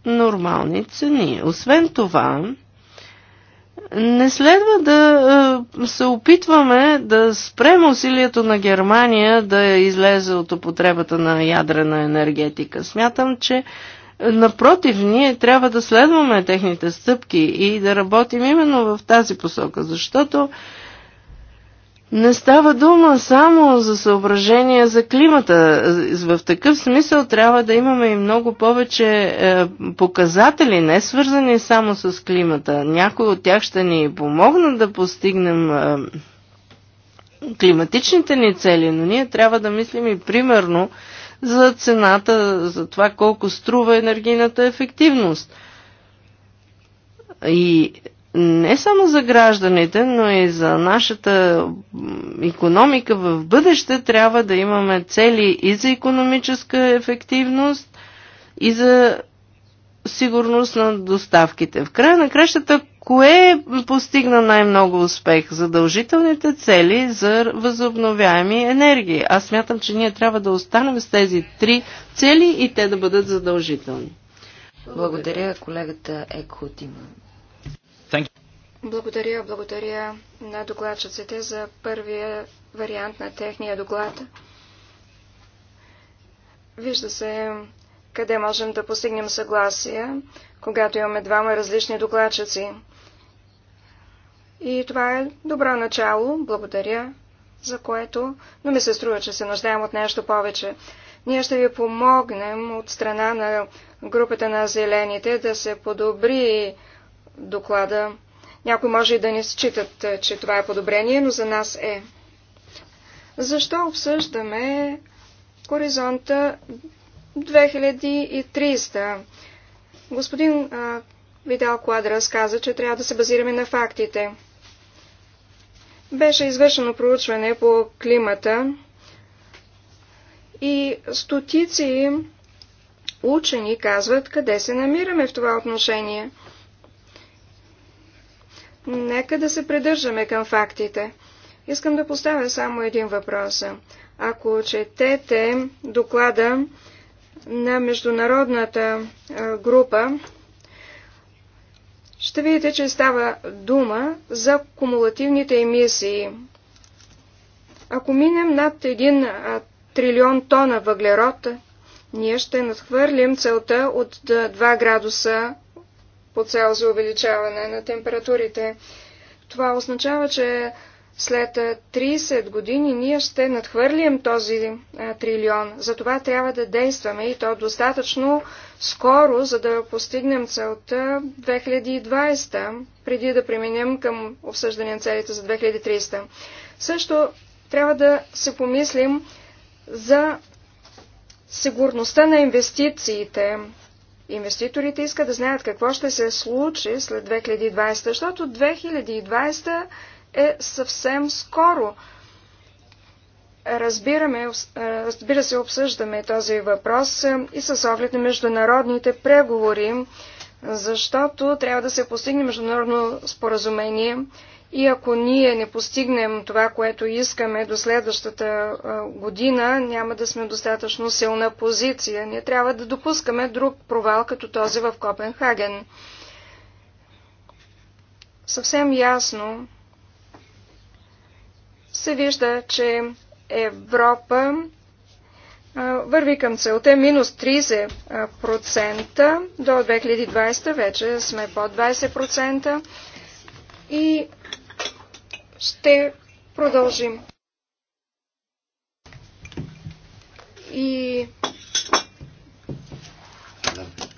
нормални цени. Освен това, не следва да е, се опитваме да спрем усилието на Германия да излезе от употребата на ядрена енергетика. Смятам, че е, напротив, ние трябва да следваме техните стъпки и да работим именно в тази посока, защото не става дума само за съображения за климата. В такъв смисъл трябва да имаме и много повече е, показатели, не свързани само с климата. Някои от тях ще ни помогнат да постигнем е, климатичните ни цели, но ние трябва да мислим и примерно за цената, за това колко струва енергийната ефективност. И не само за гражданите, но и за нашата економика в бъдеще трябва да имаме цели и за економическа ефективност, и за сигурност на доставките. В края на кращата, кое постигна най-много успех? Задължителните цели за възобновяеми енергии. Аз смятам, че ние трябва да останем с тези три цели и те да бъдат задължителни. Благодаря, колегата Екхот благодаря, благодаря на докладчиците за първия вариант на техния доклад. Вижда се къде можем да постигнем съгласие, когато имаме двама различни докладчици. И това е добро начало, благодаря за което, но ми се струва, че се нуждаем от нещо повече. Ние ще ви помогнем от страна на групата на зелените да се подобри доклада някой може и да не считат, е, че това е подобрение, но за нас е. Защо обсъждаме хоризонта 2300? Господин а, Видал Квадрас каза, че трябва да се базираме на фактите. Беше извършено проучване по климата и стотици учени казват къде се намираме в това отношение – Нека да се придържаме към фактите. Искам да поставя само един въпрос. Ако четете доклада на международната група, ще видите, че става дума за кумулативните емисии. Ако минем над 1 трилион тона въглерод, ние ще надхвърлим целта от 2 градуса по цел за увеличаване на температурите. Това означава, че след 30 години ние ще надхвърлим този трилион. Затова трябва да действаме и то достатъчно скоро, за да постигнем целта 2020, преди да преминем към обсъждане на целите за 2300. Също трябва да се помислим за сигурността на инвестициите, Инвеститорите искат да знаят какво ще се случи след 2020, защото 2020 е съвсем скоро. Разбираме, разбира се, обсъждаме този въпрос и с оглед на международните преговори, защото трябва да се постигне международно споразумение и ако ние не постигнем това, което искаме до следващата година, няма да сме достатъчно силна позиция. Ние трябва да допускаме друг провал, като този в Копенхаген. Съвсем ясно се вижда, че Европа върви към целта минус 30% до 2020, вече сме под 20% и ще продължим. И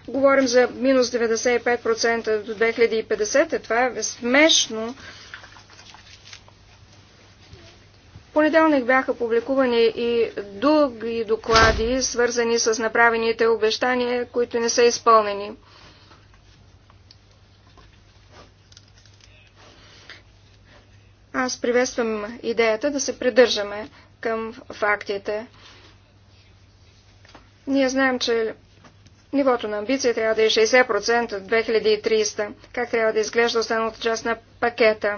говорим за минус 95% до 2050. Това е смешно. Понеделник бяха публикувани и други доклади, свързани с направените обещания, които не са изпълнени. Аз приветствам идеята да се придържаме към фактите. Ние знаем, че нивото на амбиция трябва да е 60% от 2300. Как трябва да изглежда останалата част на пакета?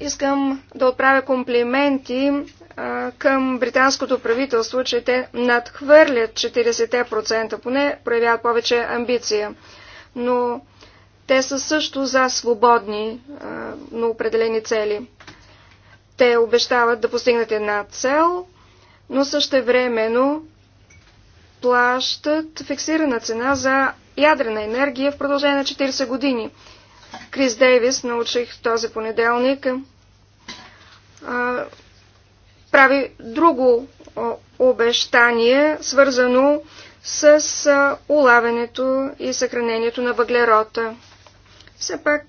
Искам да отправя комплименти а, към британското правителство, че те надхвърлят 40%, поне проявяват повече амбиция. Но те са също за свободни но на определени цели. Те обещават да постигнат една цел, но същевременно плащат фиксирана цена за ядрена енергия в продължение на 40 години. Крис Дейвис, научих този понеделник, прави друго обещание, свързано с улавянето и съхранението на въглерода. Все пак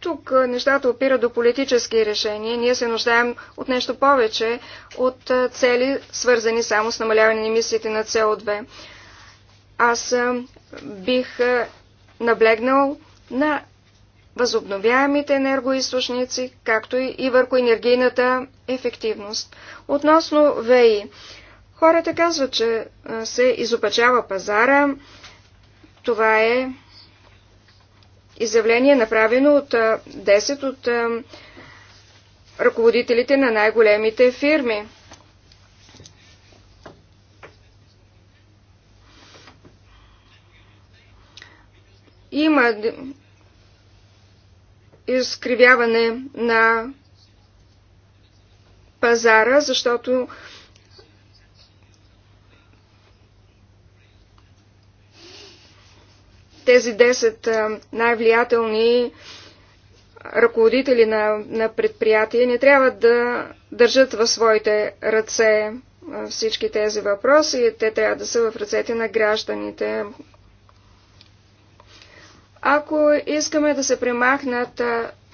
тук нещата опират до политически решения. Ние се нуждаем от нещо повече, от цели, свързани само с намаляване на емисиите на СО2. Аз бих наблегнал на възобновяемите енергоисточници, както и върху енергийната ефективност. Относно ВИ, хората казват, че се изопачава пазара. Това е изявление, направено от 10 от ръководителите на най-големите фирми. Има изкривяване на пазара, защото тези 10 най-влиятелни ръководители на, на предприятия не трябва да държат в своите ръце всички тези въпроси. Те трябва да са в ръцете на гражданите. Ако искаме да се премахнат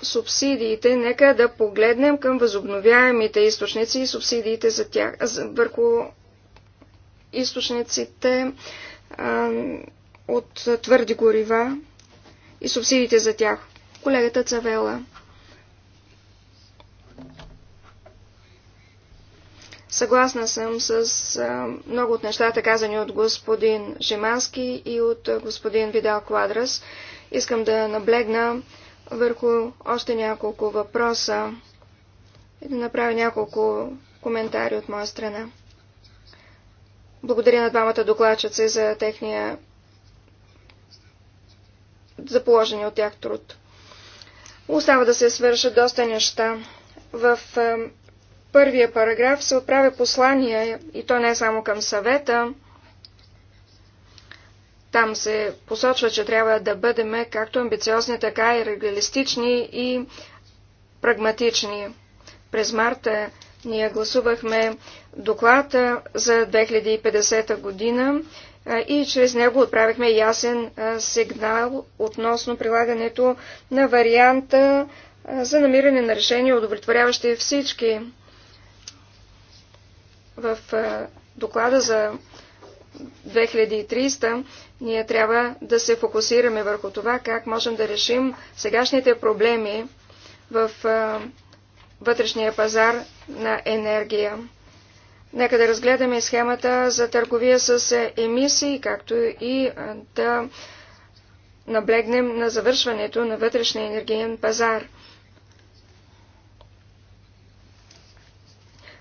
субсидиите, нека да погледнем към възобновяемите източници и субсидиите за тях, върху източниците от твърди горива и субсидиите за тях. Колегата Цавела. Съгласна съм с много от нещата, казани от господин Жемански и от господин Видал Квадрас. Искам да наблегна върху още няколко въпроса и да направя няколко коментари от моя страна. Благодаря на двамата докладчици за техния за положения от тях труд. Остава да се свършат доста неща. В е, първия параграф се отправя послание, и то не само към съвета, там се посочва, че трябва да бъдем както амбициозни, така и реалистични и прагматични. През марта ние гласувахме доклада за 2050 година и чрез него отправихме ясен сигнал относно прилагането на варианта за намиране на решение, удовлетворяващи всички. В доклада за 2300 ние трябва да се фокусираме върху това, как можем да решим сегашните проблеми в вътрешния пазар на енергия. Нека да разгледаме схемата за търговия с е, емисии, както и е, да наблегнем на завършването на вътрешния енергиен пазар.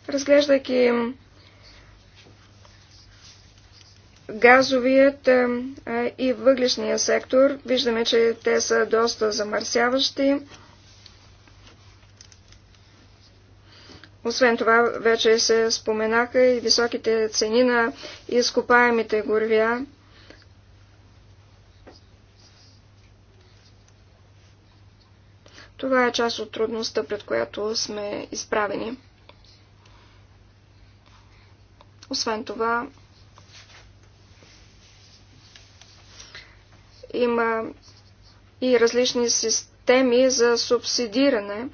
Разглеждайки е, газовият и въглишния сектор, виждаме, че те са доста замърсяващи. Освен това, вече се споменаха и високите цени на изкопаемите горвия. Това е част от трудността, пред която сме изправени. Освен това, има и различни системи за субсидиране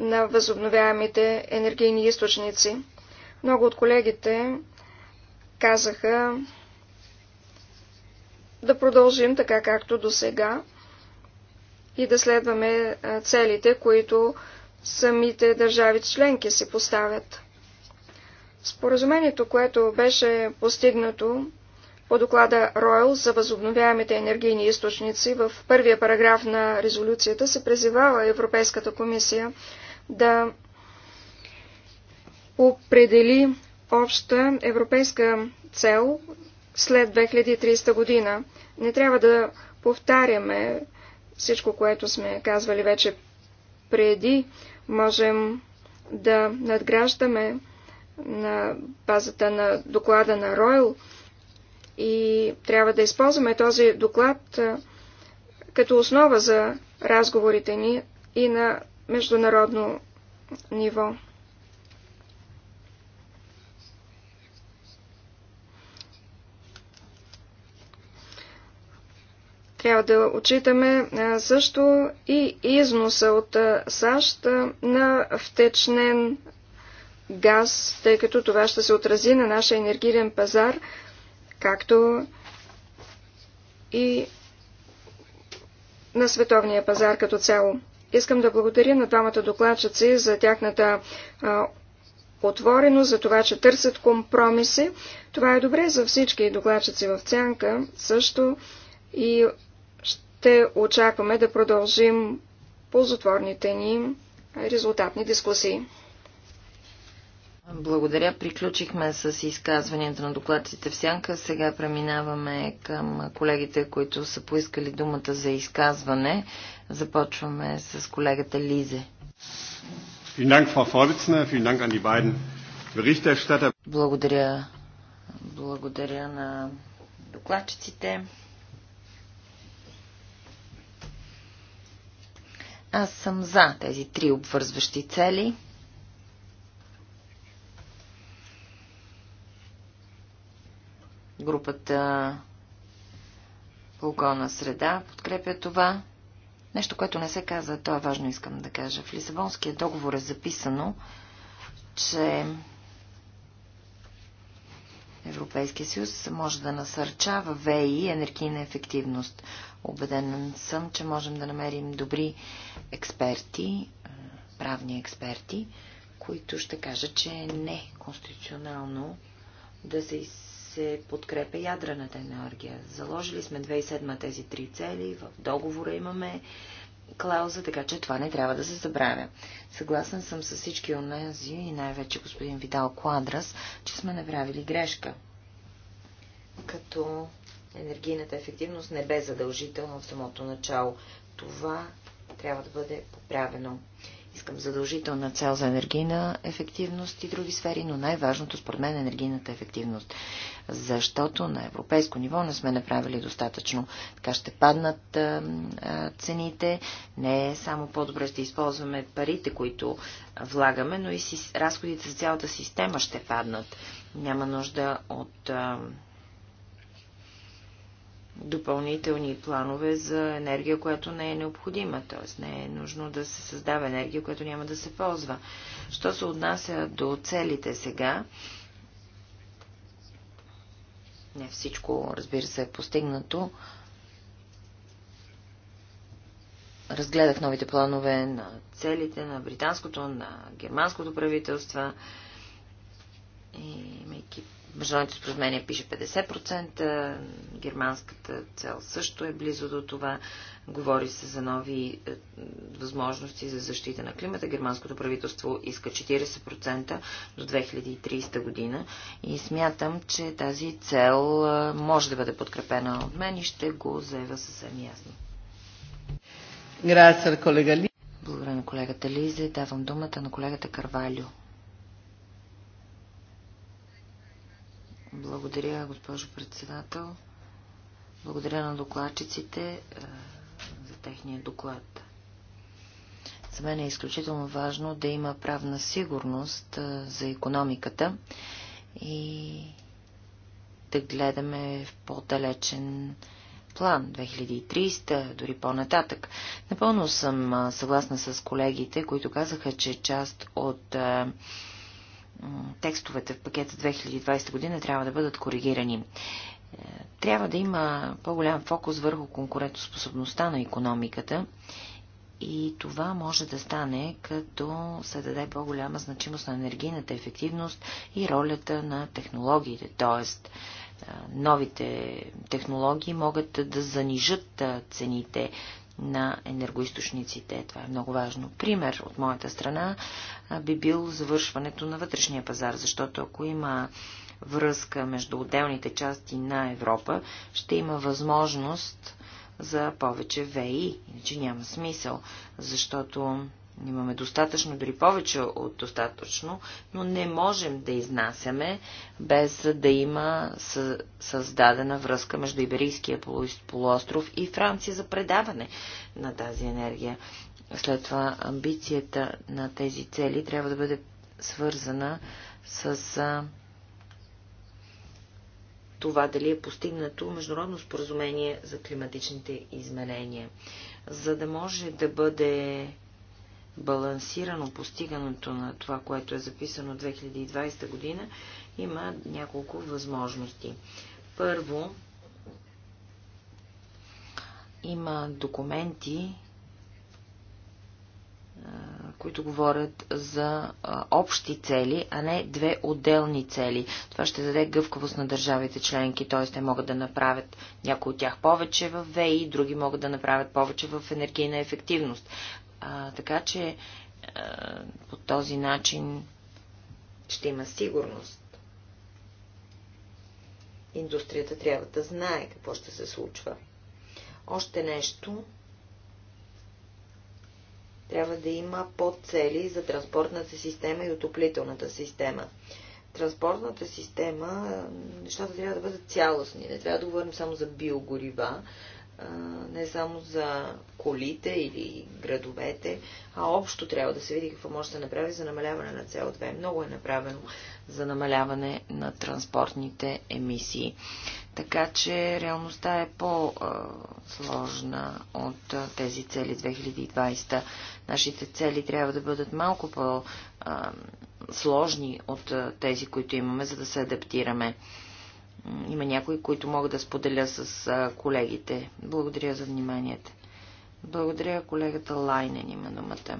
на възобновяемите енергийни източници. Много от колегите казаха да продължим така както до сега и да следваме целите, които самите държави членки си поставят. Споразумението, което беше постигнато по доклада Ройл за възобновяемите енергийни източници, в първия параграф на резолюцията се призивава Европейската комисия да определи обща европейска цел след 2300 година. Не трябва да повтаряме всичко, което сме казвали вече преди. Можем да надграждаме на базата на доклада на Ройл и трябва да използваме този доклад като основа за разговорите ни и на международно ниво. Трябва да отчитаме също и износа от САЩ на втечнен газ, тъй като това ще се отрази на нашия енергиен пазар, както и на световния пазар като цяло. Искам да благодаря на двамата докладчици за тяхната а, отвореност, за това, че търсят компромиси. Това е добре за всички докладчици в Цянка също и ще очакваме да продължим ползотворните ни резултатни дискусии. Благодаря. Приключихме с изказванията на докладците в сянка. Сега преминаваме към колегите, които са поискали думата за изказване. Започваме с колегата Лизе. Благодаря. Благодаря на докладчиците. Аз съм за тези три обвързващи цели – Групата по среда подкрепя това. Нещо, което не се каза, то е важно, искам да кажа. В Лисабонския договор е записано, че Европейския съюз може да насърчава ВЕИ енергийна ефективност. Обеден съм, че можем да намерим добри експерти, правни експерти, които ще кажат, че е неконституционално да се из се подкрепя ядрената енергия. Заложили сме 2007 тези три цели, в договора имаме клауза, така че това не трябва да се забравя. Съгласен съм с всички онези и най-вече господин Видал Квадрас, че сме направили грешка. Като енергийната ефективност не бе задължителна в самото начало. Това трябва да бъде поправено. Искам задължителна цел за енергийна ефективност и други сфери, но най-важното според мен е енергийната ефективност. Защото на европейско ниво не сме направили достатъчно. Така ще паднат а, а, цените. Не е само по-добре ще използваме парите, които влагаме, но и си, разходите за цялата система ще паднат. Няма нужда от. А, допълнителни планове за енергия, която не е необходима, т.е. не е нужно да се създава енергия, която няма да се ползва. Що се отнася до целите сега, не всичко, разбира се, е постигнато. Разгледах новите планове на целите на британското, на германското правителство. И имайки Международните споразумения пише 50%, германската цел също е близо до това. Говори се за нови е, възможности за защита на климата. Германското правителство иска 40% до 2030 година и смятам, че тази цел е, може да бъде подкрепена от мен и ще го заявя съвсем ясно. Благодаря на колегата Лизе. Давам думата на колегата Карвалио. Благодаря, госпожо председател. Благодаря на докладчиците е, за техния доклад. За мен е изключително важно да има правна сигурност е, за економиката и да гледаме в по-далечен план 2300, дори по-нататък. Напълно съм е, съгласна с колегите, които казаха, че част от текстовете в пакет за 2020 година трябва да бъдат коригирани. Е, трябва да има по-голям фокус върху конкурентоспособността на економиката и това може да стане, като се даде по-голяма значимост на енергийната ефективност и ролята на технологиите, т.е. новите технологии могат да занижат е, цените на енергоисточниците. Това е много важно. Пример от моята страна би бил завършването на вътрешния пазар, защото ако има връзка между отделните части на Европа, ще има възможност за повече ВИ. Иначе няма смисъл, защото Имаме достатъчно, дори повече от достатъчно, но не можем да изнасяме без да има създадена връзка между Иберийския полуостров и Франция за предаване на тази енергия. След това амбицията на тези цели трябва да бъде свързана с това дали е постигнато международно споразумение за климатичните изменения. За да може да бъде балансирано постигането на това, което е записано 2020 година, има няколко възможности. Първо, има документи, които говорят за общи цели, а не две отделни цели. Това ще даде гъвкавост на държавите членки, т.е. те могат да направят някои от тях повече в ВЕИ, други могат да направят повече в енергийна ефективност. А, така че а, по този начин ще има сигурност. Индустрията трябва да знае какво ще се случва. Още нещо. Трябва да има подцели за транспортната система и отоплителната система. Транспортната система, нещата трябва да бъдат цялостни. Не трябва да говорим само за биогорива, не само за колите или градовете, а общо трябва да се види какво може да се направи за намаляване на CO2. Много е направено за намаляване на транспортните емисии. Така че реалността е по-сложна от тези цели 2020. Нашите цели трябва да бъдат малко по-сложни от тези, които имаме, за да се адаптираме. Има някои, които мога да споделя с колегите. Благодаря за вниманието. Благодаря, колегата Лайнен има думата.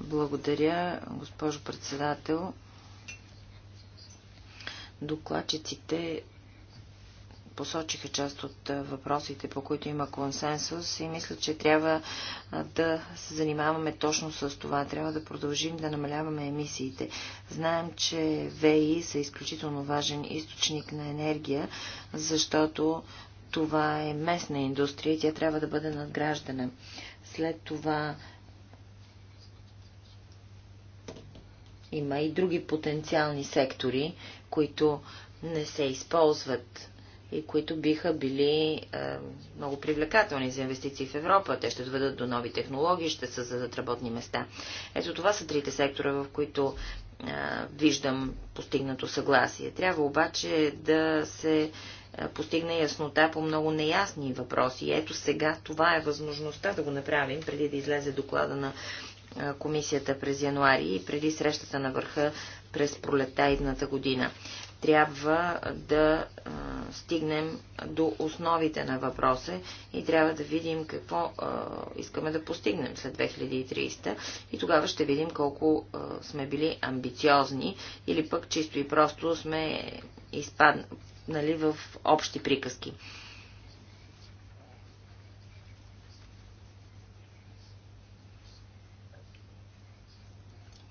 Благодаря, госпожо председател. Докладчиците посочиха част от въпросите, по които има консенсус и мисля, че трябва да се занимаваме точно с това. Трябва да продължим да намаляваме емисиите. Знаем, че ВИ са изключително важен източник на енергия, защото това е местна индустрия и тя трябва да бъде надграждана. След това има и други потенциални сектори, които не се използват и които биха били е, много привлекателни за инвестиции в Европа. Те ще доведат до нови технологии, ще създадат работни места. Ето това са трите сектора, в които е, виждам постигнато съгласие. Трябва обаче да се е, постигна яснота по много неясни въпроси. Ето сега това е възможността да го направим, преди да излезе доклада на е, комисията през януари и преди срещата на върха през пролета идната година трябва да а, стигнем до основите на въпроса и трябва да видим какво а, искаме да постигнем след 2300 и тогава ще видим колко а, сме били амбициозни или пък чисто и просто сме изпаднали в общи приказки.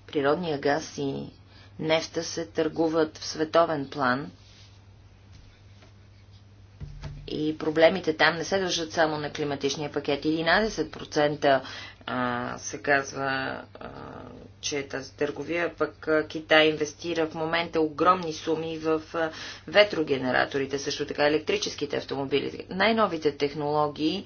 Природния газ и нефта се търгуват в световен план и проблемите там не се дължат само на климатичния пакет. 11% се казва, че тази търговия, пък Китай инвестира в момента огромни суми в ветрогенераторите, също така електрическите автомобили. Най-новите технологии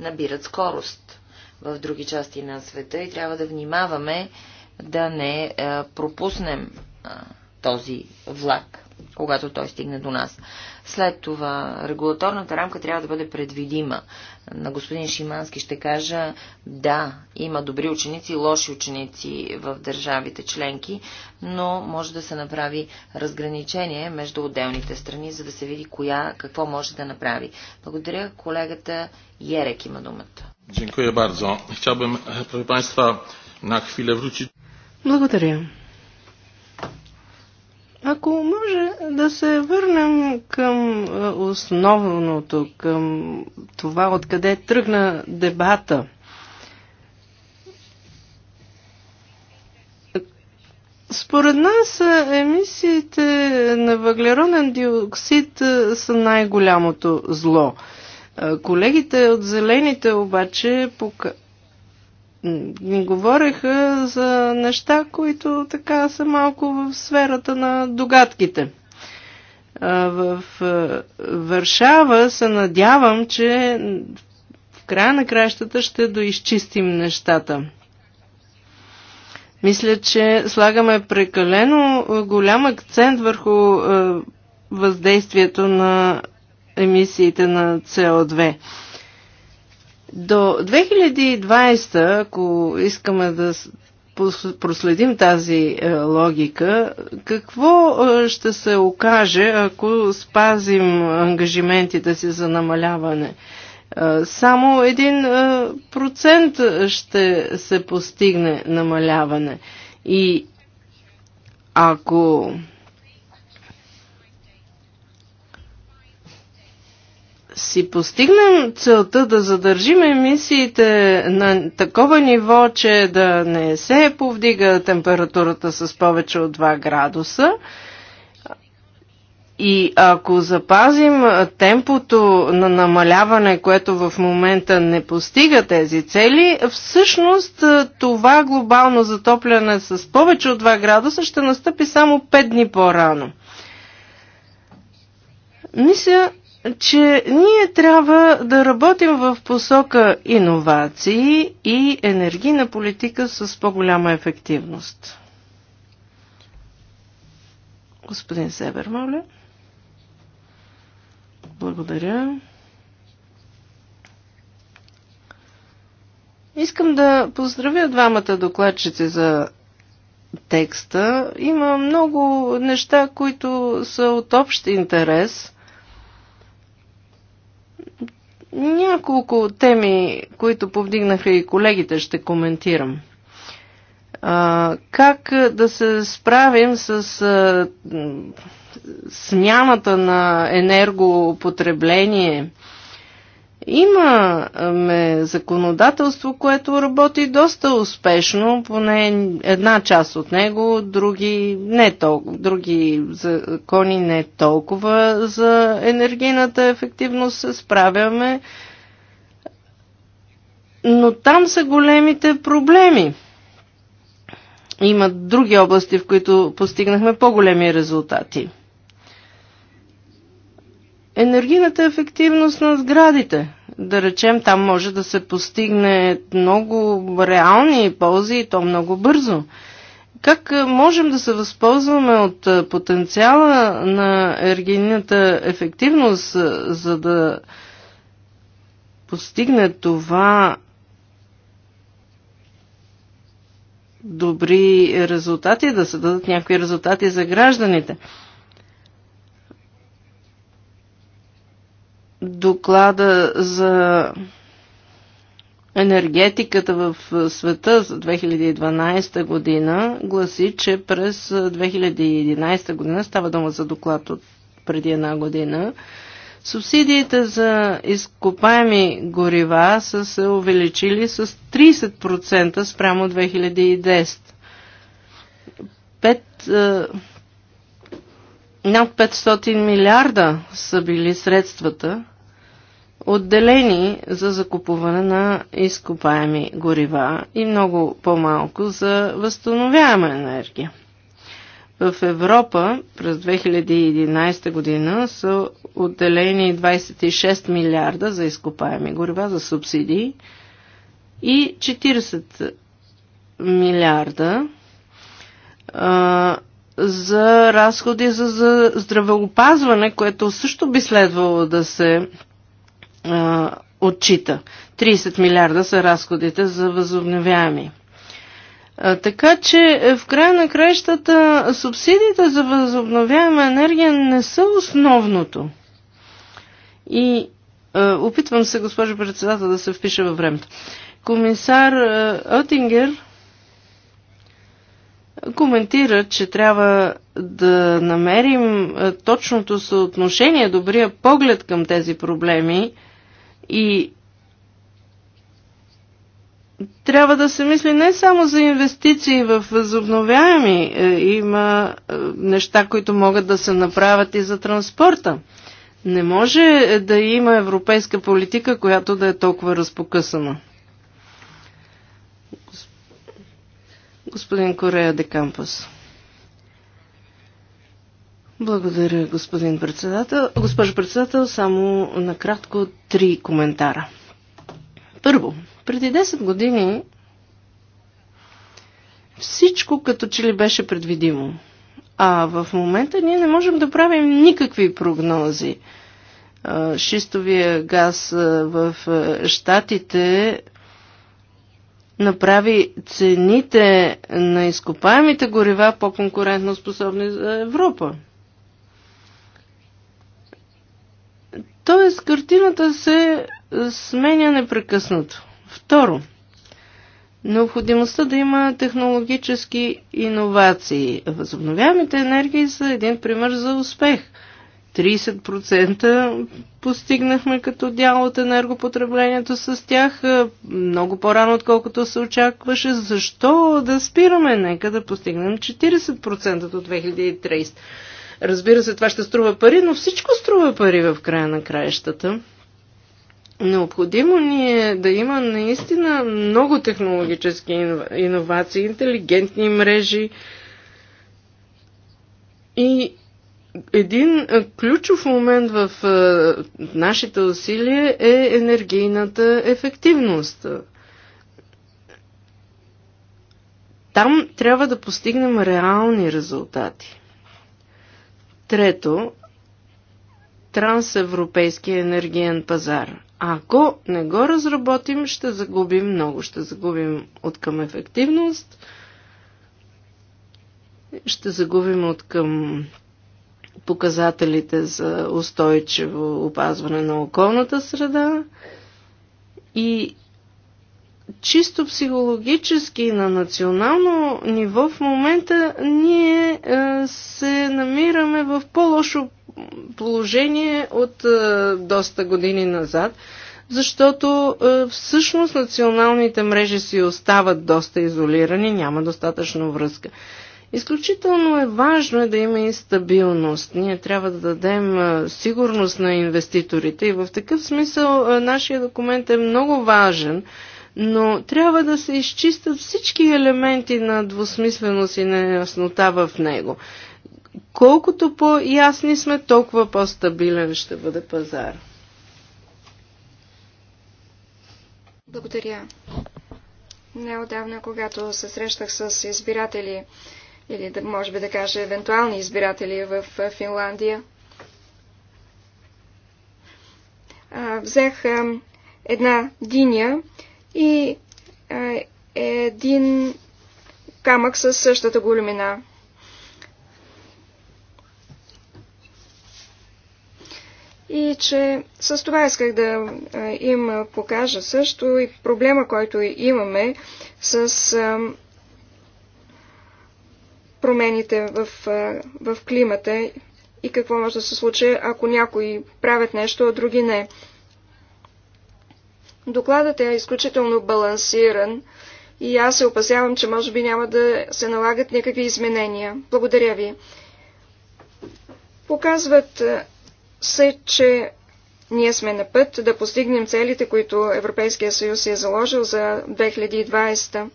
набират скорост в други части на света и трябва да внимаваме да не е, пропуснем е, този влак, когато той стигне до нас. След това, регулаторната рамка трябва да бъде предвидима. На господин Шимански ще кажа, да, има добри ученици и лоши ученици в държавите членки, но може да се направи разграничение между отделните страни, за да се види коя, какво може да направи. Благодаря. Колегата Ерек има думата. Dziękuję bardzo. Chciałbym, proszę Państwa, na chwilę благодаря. Ако може да се върнем към основното, към това откъде тръгна дебата. Според нас емисиите на въглероден диоксид са най-голямото зло. Колегите от зелените обаче говореха за неща, които така са малко в сферата на догадките. В Варшава се надявам, че в края на краищата ще доизчистим нещата. Мисля, че слагаме прекалено голям акцент върху въздействието на емисиите на со 2 до 2020, ако искаме да проследим тази е, логика, какво е, ще се окаже, ако спазим ангажиментите си за намаляване? Е, само един процент ще се постигне намаляване. И ако си постигнем целта да задържим емисиите на такова ниво, че да не се повдига температурата с повече от 2 градуса, и ако запазим темпото на намаляване, което в момента не постига тези цели, всъщност това глобално затопляне с повече от 2 градуса ще настъпи само 5 дни по-рано. Мисля, че ние трябва да работим в посока иновации и енергийна политика с по-голяма ефективност. Господин Себер, моля. Благодаря. Искам да поздравя двамата докладчици за текста. Има много неща, които са от общ интерес. Няколко теми, които повдигнаха и колегите, ще коментирам. А, как да се справим с а, смяната на енергопотребление? Имаме законодателство, което работи доста успешно, поне една част от него, други, не толкова, други закони не толкова. За енергийната ефективност се справяме, но там са големите проблеми. Има други области, в които постигнахме по-големи резултати. Енергийната ефективност на сградите. Да речем, там може да се постигне много реални ползи и то много бързо. Как можем да се възползваме от потенциала на енергийната ефективност, за да постигне това добри резултати, да се дадат някакви резултати за гражданите? доклада за енергетиката в света за 2012 година гласи, че през 2011 година, става дума за доклад от преди една година, субсидиите за изкопаеми горива са се увеличили с 30% спрямо 2010. Пет, е, над 500 милиарда са били средствата, отделени за закупуване на изкопаеми горива и много по-малко за възстановяема енергия. В Европа през 2011 година са отделени 26 милиарда за изкопаеми горива, за субсидии и 40 милиарда а, за разходи за, за здравеопазване, което също би следвало да се отчита. 30 милиарда са разходите за възобновяеми. Така че е, в края на краищата субсидиите за възобновяема енергия не са основното. И а, опитвам се, госпожо председател, да се впиша във времето. Комисар а, Отингер коментира, че трябва да намерим точното съотношение, добрия поглед към тези проблеми, и трябва да се мисли не само за инвестиции в възобновяеми. Е, има е, неща, които могат да се направят и за транспорта. Не може е, да има европейска политика, която да е толкова разпокъсана. Господин Корея де Кампас. Благодаря, господин председател. Госпожо председател, само накратко три коментара. Първо, преди 10 години всичко като че ли беше предвидимо. А в момента ние не можем да правим никакви прогнози. Шистовия газ в Штатите направи цените на изкопаемите горива по-конкурентно способни за Европа. Тоест, картината се е, сменя непрекъснато. Второ, необходимостта да има технологически иновации. Възобновяемите енергии са един пример за успех. 30% постигнахме като дял от енергопотреблението с тях, е, много по-рано отколкото се очакваше. Защо да спираме? Нека да постигнем 40% до 2030. Разбира се, това ще струва пари, но всичко струва пари в края на краищата. Необходимо ни е да има наистина много технологически иновации, интелигентни мрежи и един ключов момент в нашите усилия е енергийната ефективност. Там трябва да постигнем реални резултати. Трето, трансевропейския енергиен пазар. Ако не го разработим, ще загубим много. Ще загубим от към ефективност, ще загубим от към показателите за устойчиво опазване на околната среда и чисто психологически на национално ниво в момента ние е, се намираме в по-лошо положение от е, доста години назад, защото е, всъщност националните мрежи си остават доста изолирани, няма достатъчно връзка. Изключително е важно е да има и стабилност. Ние трябва да дадем сигурност на инвеститорите и в такъв смисъл нашия документ е много важен – но трябва да се изчистят всички елементи на двусмисленост и неяснота в него. Колкото по-ясни сме, толкова по-стабилен ще бъде пазар. Благодаря. Неодавна, когато се срещах с избиратели, или да, може би да кажа евентуални избиратели в Финландия, взех една диня и е един камък със същата големина. И че с това исках да им покажа също и проблема, който имаме с промените в, в климата и какво може да се случи, ако някои правят нещо, а други не. Докладът е изключително балансиран и аз се опасявам, че може би няма да се налагат някакви изменения. Благодаря ви. Показват се, че ние сме на път да постигнем целите, които Европейския съюз е заложил за 2020.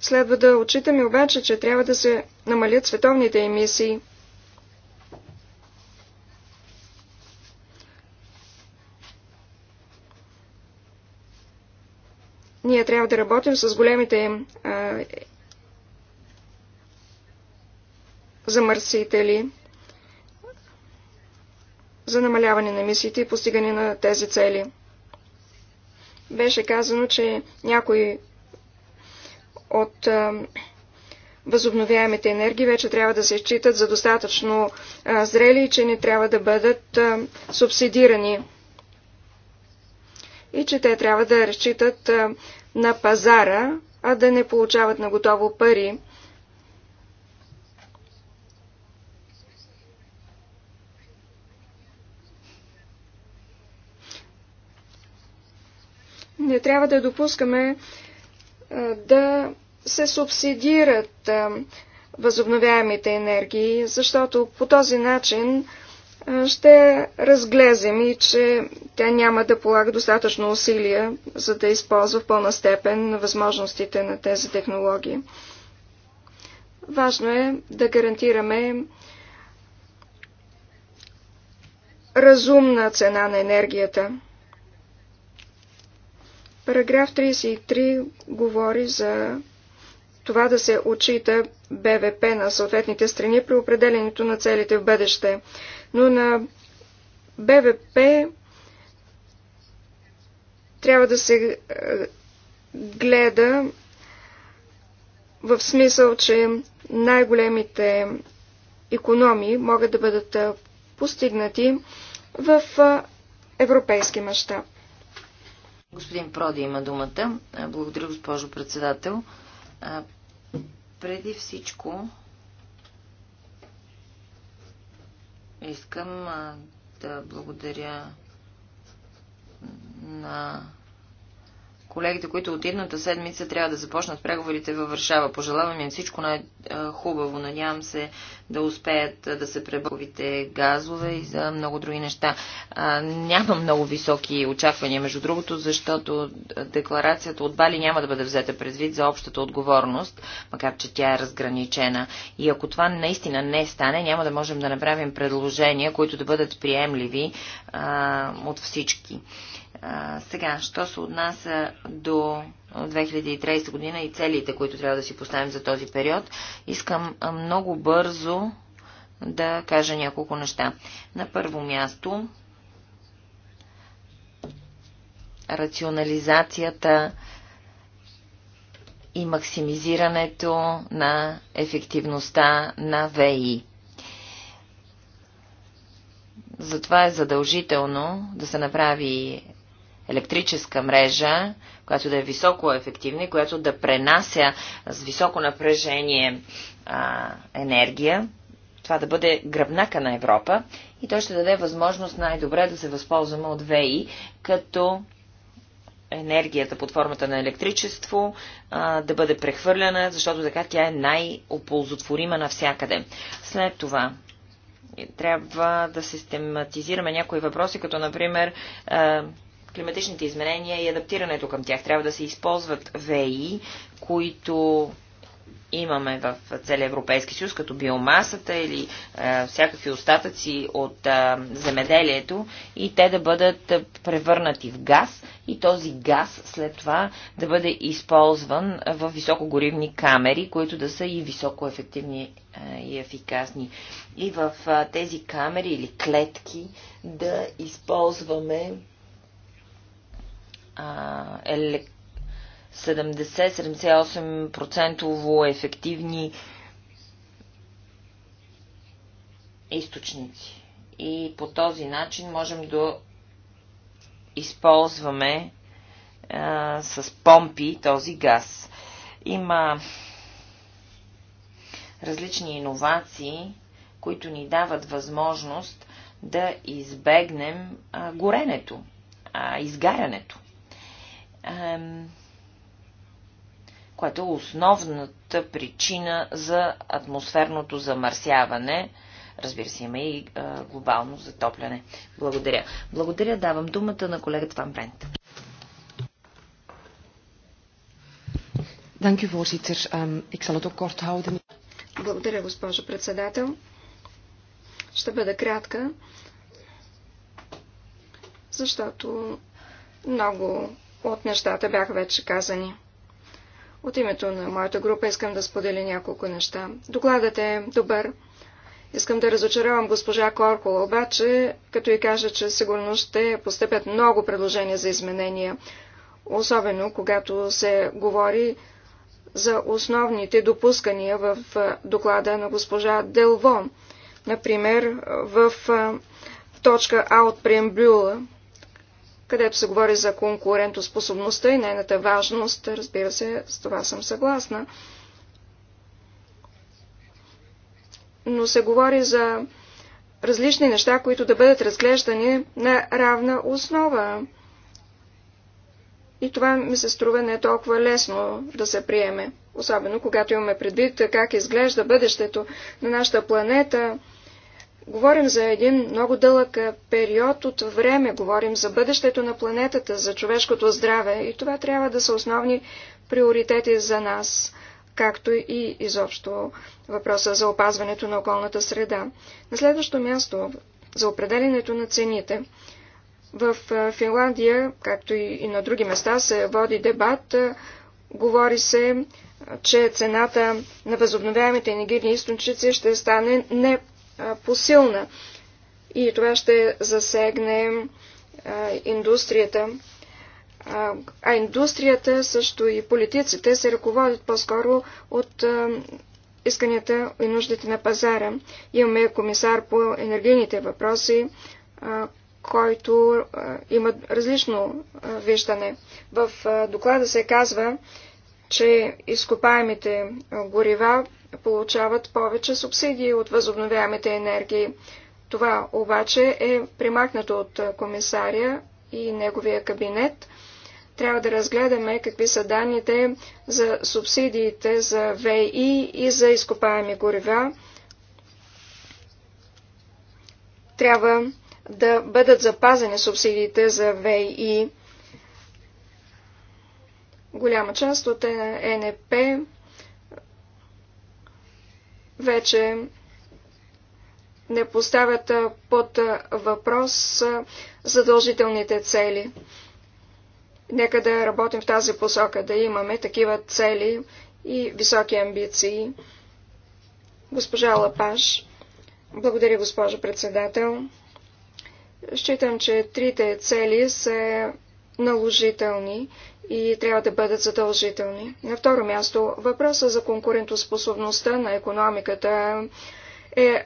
Следва да отчитаме обаче, че трябва да се намалят световните емисии – Ние трябва да работим с големите а, замърсители за намаляване на мисиите и постигане на тези цели. Беше казано, че някои от а, възобновяемите енергии вече трябва да се считат за достатъчно а, зрели и че не трябва да бъдат а, субсидирани и че те трябва да разчитат на пазара, а да не получават на готово пари. Не трябва да допускаме да се субсидират възобновяемите енергии, защото по този начин ще разглезем и че тя няма да полага достатъчно усилия, за да използва в пълна степен възможностите на тези технологии. Важно е да гарантираме разумна цена на енергията. Параграф 33 говори за това да се отчита БВП на съответните страни при определенето на целите в бъдеще но на БВП трябва да се е, гледа в смисъл, че най-големите економии могат да бъдат е, постигнати в е, европейски мащаб. Господин Проди има думата. Благодаря, госпожо председател. Преди всичко Искам да благодаря на колегите, които от идната седмица трябва да започнат преговорите във Варшава. Пожелавам им всичко най-хубаво. Надявам се да успеят да се пребъвите газове и за много други неща. А, няма много високи очаквания, между другото, защото декларацията от Бали няма да бъде взета предвид за общата отговорност, макар че тя е разграничена. И ако това наистина не стане, няма да можем да направим предложения, които да бъдат приемливи а, от всички. А, сега, що се отнася до 2030 година и целите, които трябва да си поставим за този период, искам много бързо да кажа няколко неща. На първо място, рационализацията и максимизирането на ефективността на ВИ. Затова е задължително да се направи електрическа мрежа, която да е високо ефективна и която да пренася с високо напрежение а, енергия. Това да бъде гръбнака на Европа и то ще даде възможност най-добре да се възползваме от ВИ, като енергията под формата на електричество а, да бъде прехвърляна, защото така тя е най-оползотворима навсякъде. След това трябва да систематизираме някои въпроси, като например климатичните изменения и адаптирането към тях. Трябва да се използват ВИ, които имаме в целия Европейски съюз, като биомасата или е, всякакви остатъци от е, земеделието и те да бъдат превърнати в газ и този газ след това да бъде използван в високогоривни камери, които да са и високоефективни е, и ефикасни. И в е, тези камери или клетки да използваме елек... 70-78% ефективни източници. И по този начин можем да използваме а, с помпи този газ. Има различни иновации, които ни дават възможност да избегнем а, горенето, а, изгарянето което е основната причина за атмосферното замърсяване. Разбира се, има и е, глобално затопляне. Благодаря. Благодаря. Давам думата на колегата Ван Брент. Ehm, Благодаря, госпожо председател. Ще бъда кратка, защото много от нещата бяха вече казани. От името на моята група искам да споделя няколко неща. Докладът е добър. Искам да разочаровам госпожа Коркола, обаче, като и кажа, че сигурно ще постъпят много предложения за изменения, особено когато се говори за основните допускания в доклада на госпожа Делво. Например, в точка А от преембюла където се говори за конкурентоспособността и нейната важност. Разбира се, с това съм съгласна. Но се говори за различни неща, които да бъдат разглеждани на равна основа. И това ми се струва не толкова лесно да се приеме, особено когато имаме предвид как изглежда бъдещето на нашата планета, Говорим за един много дълъг период от време, говорим за бъдещето на планетата, за човешкото здраве и това трябва да са основни приоритети за нас, както и изобщо въпроса за опазването на околната среда. На следващо място за определенето на цените. В Финландия, както и на други места, се води дебат. Говори се, че цената на възобновяемите енергийни източници ще стане не посилна. И това ще засегне индустрията. А индустрията, също и политиците се ръководят по-скоро от исканията и нуждите на пазара. Имаме комисар по енергийните въпроси, който има различно виждане. В доклада се казва, че изкопаемите горива получават повече субсидии от възобновяемите енергии. Това обаче е примахнато от комисаря и неговия кабинет. Трябва да разгледаме какви са данните за субсидиите за ВИ и за изкопаеми горива. Трябва да бъдат запазени субсидиите за ВИ Голяма част от ЕНП вече не поставят под въпрос задължителните цели. Нека да работим в тази посока, да имаме такива цели и високи амбиции. Госпожа Лапаш, благодаря, госпожо председател. Считам, че трите цели са наложителни и трябва да бъдат задължителни. На второ място, въпросът за конкурентоспособността на економиката е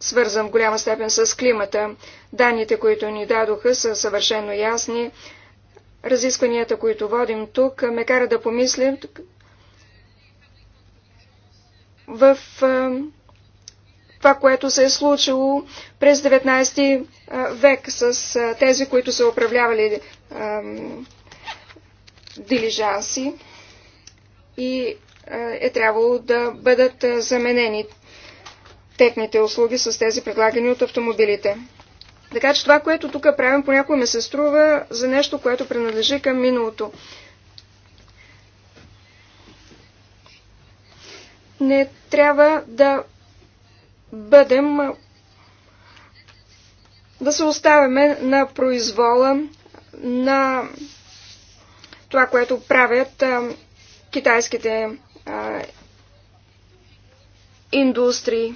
свързан в голяма степен с климата. Данните, които ни дадоха, са съвършено ясни. Разискванията, които водим тук, ме кара да помислим в това, което се е случило през 19 век с тези, които са управлявали дилижанси и е, е трябвало да бъдат е, заменени техните услуги с тези предлагани от автомобилите. Така че това, което тук правим, понякога ми се струва за нещо, което принадлежи към миналото. Не трябва да бъдем е, да се оставяме на произвола на това, което правят китайските индустрии.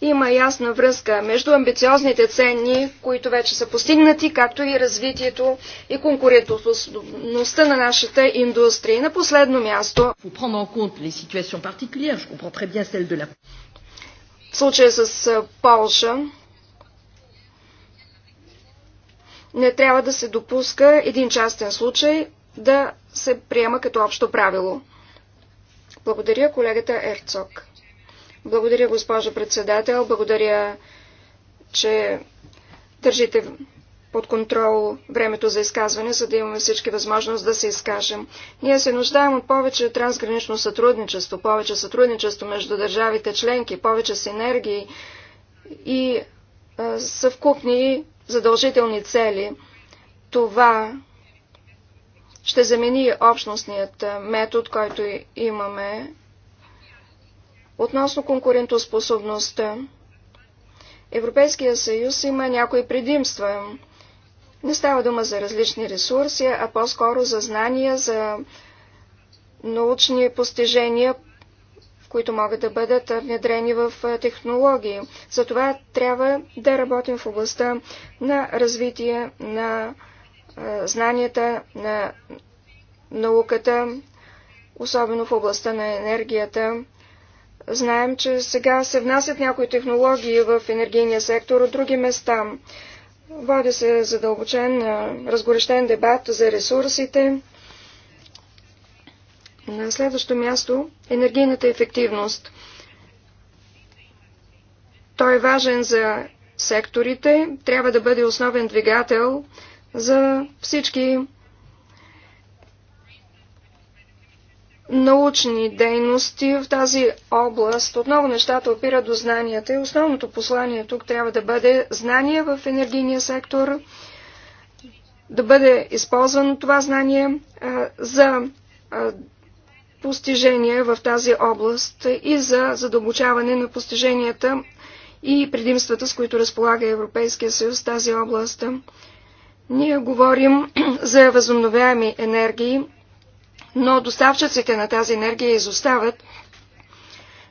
Има ясна връзка между амбициозните цени, които вече са постигнати, както и развитието и конкурентоспособността на нашата индустрия. На последно място, в случая с Полша, не трябва да се допуска един частен случай да се приема като общо правило. Благодаря колегата Ерцог. Благодаря, госпожо председател. Благодаря, че държите под контрол времето за изказване, за да имаме всички възможност да се изкажем. Ние се нуждаем от повече трансгранично сътрудничество, повече сътрудничество между държавите членки, повече синергии и съвкупни задължителни цели. Това ще замени общностният метод, който имаме относно конкурентоспособността. Европейския съюз има някои предимства. Не става дума за различни ресурси, а по-скоро за знания, за научни постижения които могат да бъдат внедрени в технологии. Затова трябва да работим в областта на развитие на знанията, на науката, особено в областта на енергията. Знаем, че сега се внасят някои технологии в енергийния сектор от други места. Води се задълбочен, разгорещен дебат за ресурсите, на следващо място енергийната ефективност. Той е важен за секторите, трябва да бъде основен двигател за всички научни дейности в тази област. Отново нещата опират до знанията и основното послание тук трябва да бъде знание в енергийния сектор, да бъде използвано това знание а, за а, постижения в тази област и за задълбочаване на постиженията и предимствата, с които разполага Европейския съюз в тази област. Ние говорим <clears throat> за възобновяеми енергии, но доставчиците на тази енергия изостават.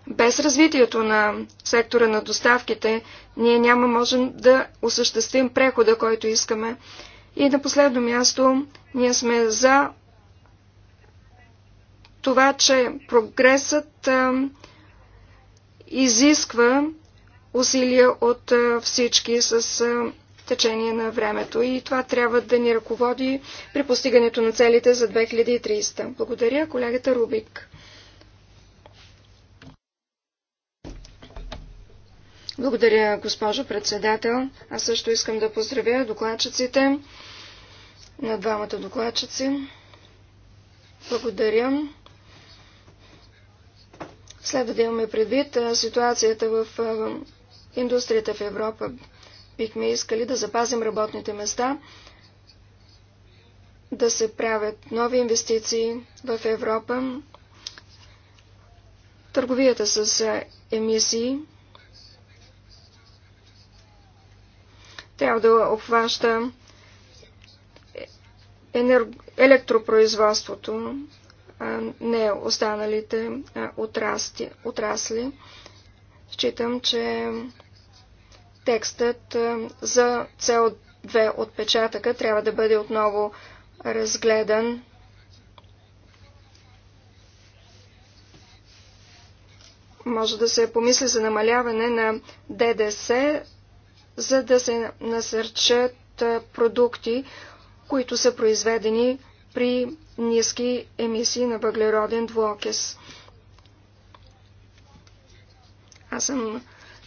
Без развитието на сектора на доставките, ние няма можем да осъществим прехода, който искаме. И на последно място, ние сме за това, че прогресът изисква усилия от всички с течение на времето и това трябва да ни ръководи при постигането на целите за 2300. Благодаря, колегата Рубик. Благодаря, госпожо председател. Аз също искам да поздравя докладчиците на двамата докладчици. Благодаря Следва да имаме предвид ситуацията в индустрията в Европа. Бихме искали да запазим работните места, да се правят нови инвестиции в Европа. Търговията с емисии трябва да обхваща е, електропроизводството, не останалите отрасти, отрасли. Считам, че текстът за цел 2 отпечатъка трябва да бъде отново разгледан. Може да се помисли за намаляване на ДДС, за да се насърчат продукти, които са произведени при ниски емисии на въглероден двуокис. Аз съм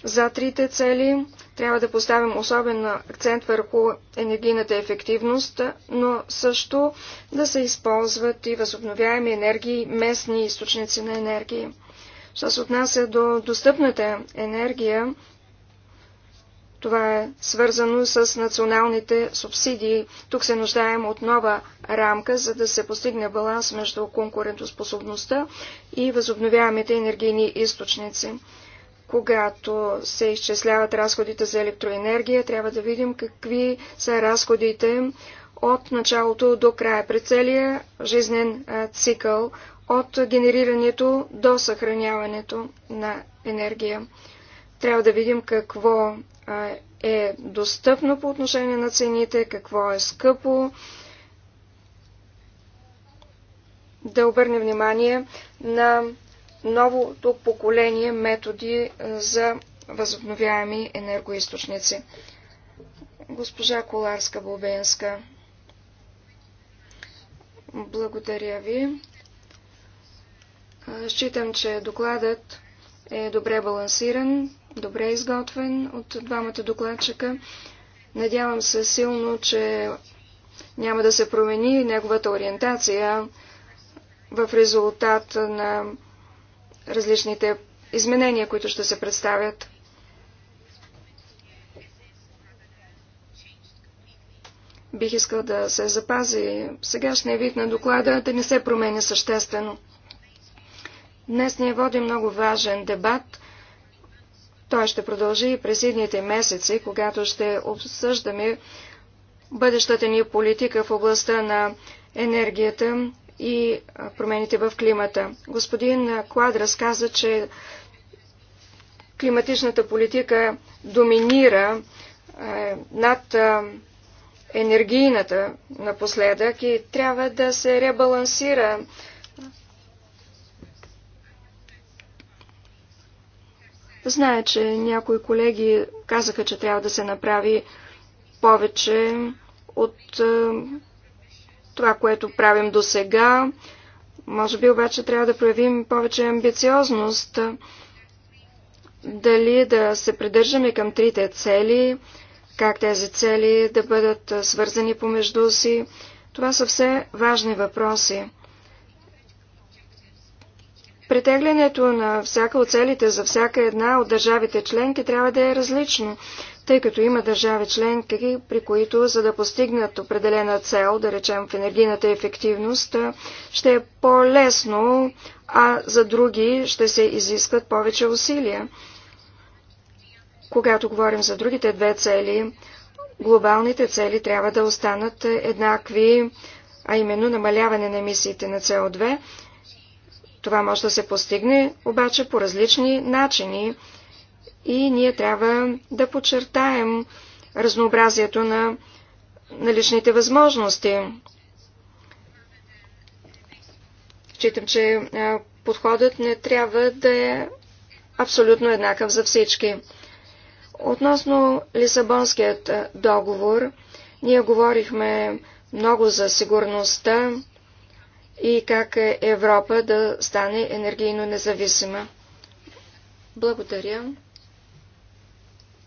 за трите цели. Трябва да поставим особен акцент върху енергийната ефективност, но също да се използват и възобновяеми енергии, местни източници на енергии. Що се отнася до достъпната енергия, това е свързано с националните субсидии. Тук се нуждаем от нова рамка, за да се постигне баланс между конкурентоспособността и възобновяемите енергийни източници. Когато се изчисляват разходите за електроенергия, трябва да видим какви са разходите от началото до края, при целия жизнен цикъл, от генерирането до съхраняването на енергия. Трябва да видим какво е достъпно по отношение на цените, какво е скъпо. Да обърнем внимание на новото поколение методи за възобновяеми енергоисточници. Госпожа Коларска-Бубенска, благодаря ви. Считам, че докладът е добре балансиран, добре изготвен от двамата докладчика. Надявам се силно, че няма да се промени неговата ориентация в резултат на различните изменения, които ще се представят. Бих искал да се запази сегашния вид на доклада, да не се променя съществено. Днес ние водим много важен дебат – той ще продължи и през едните месеци, когато ще обсъждаме бъдещата ни политика в областта на енергията и промените в климата. Господин Квадрас каза, че климатичната политика доминира над енергийната напоследък и трябва да се ребалансира Зная, че някои колеги казаха, че трябва да се направи повече от е, това, което правим до сега. Може би обаче трябва да проявим повече амбициозност. Дали да се придържаме към трите цели, как тези цели да бъдат е, свързани помежду си. Това са все важни въпроси. Притеглянето на всяка от целите за всяка една от държавите членки трябва да е различно, тъй като има държави членки, при които за да постигнат определена цел, да речем в енергийната ефективност, ще е по-лесно, а за други ще се изискват повече усилия. Когато говорим за другите две цели, глобалните цели трябва да останат еднакви, а именно намаляване на емисиите на СО2 това може да се постигне обаче по различни начини и ние трябва да подчертаем разнообразието на наличните възможности. Читам, че подходът не трябва да е абсолютно еднакъв за всички. Относно Лисабонският договор, ние говорихме много за сигурността, и как е Европа да стане енергийно независима. Благодаря.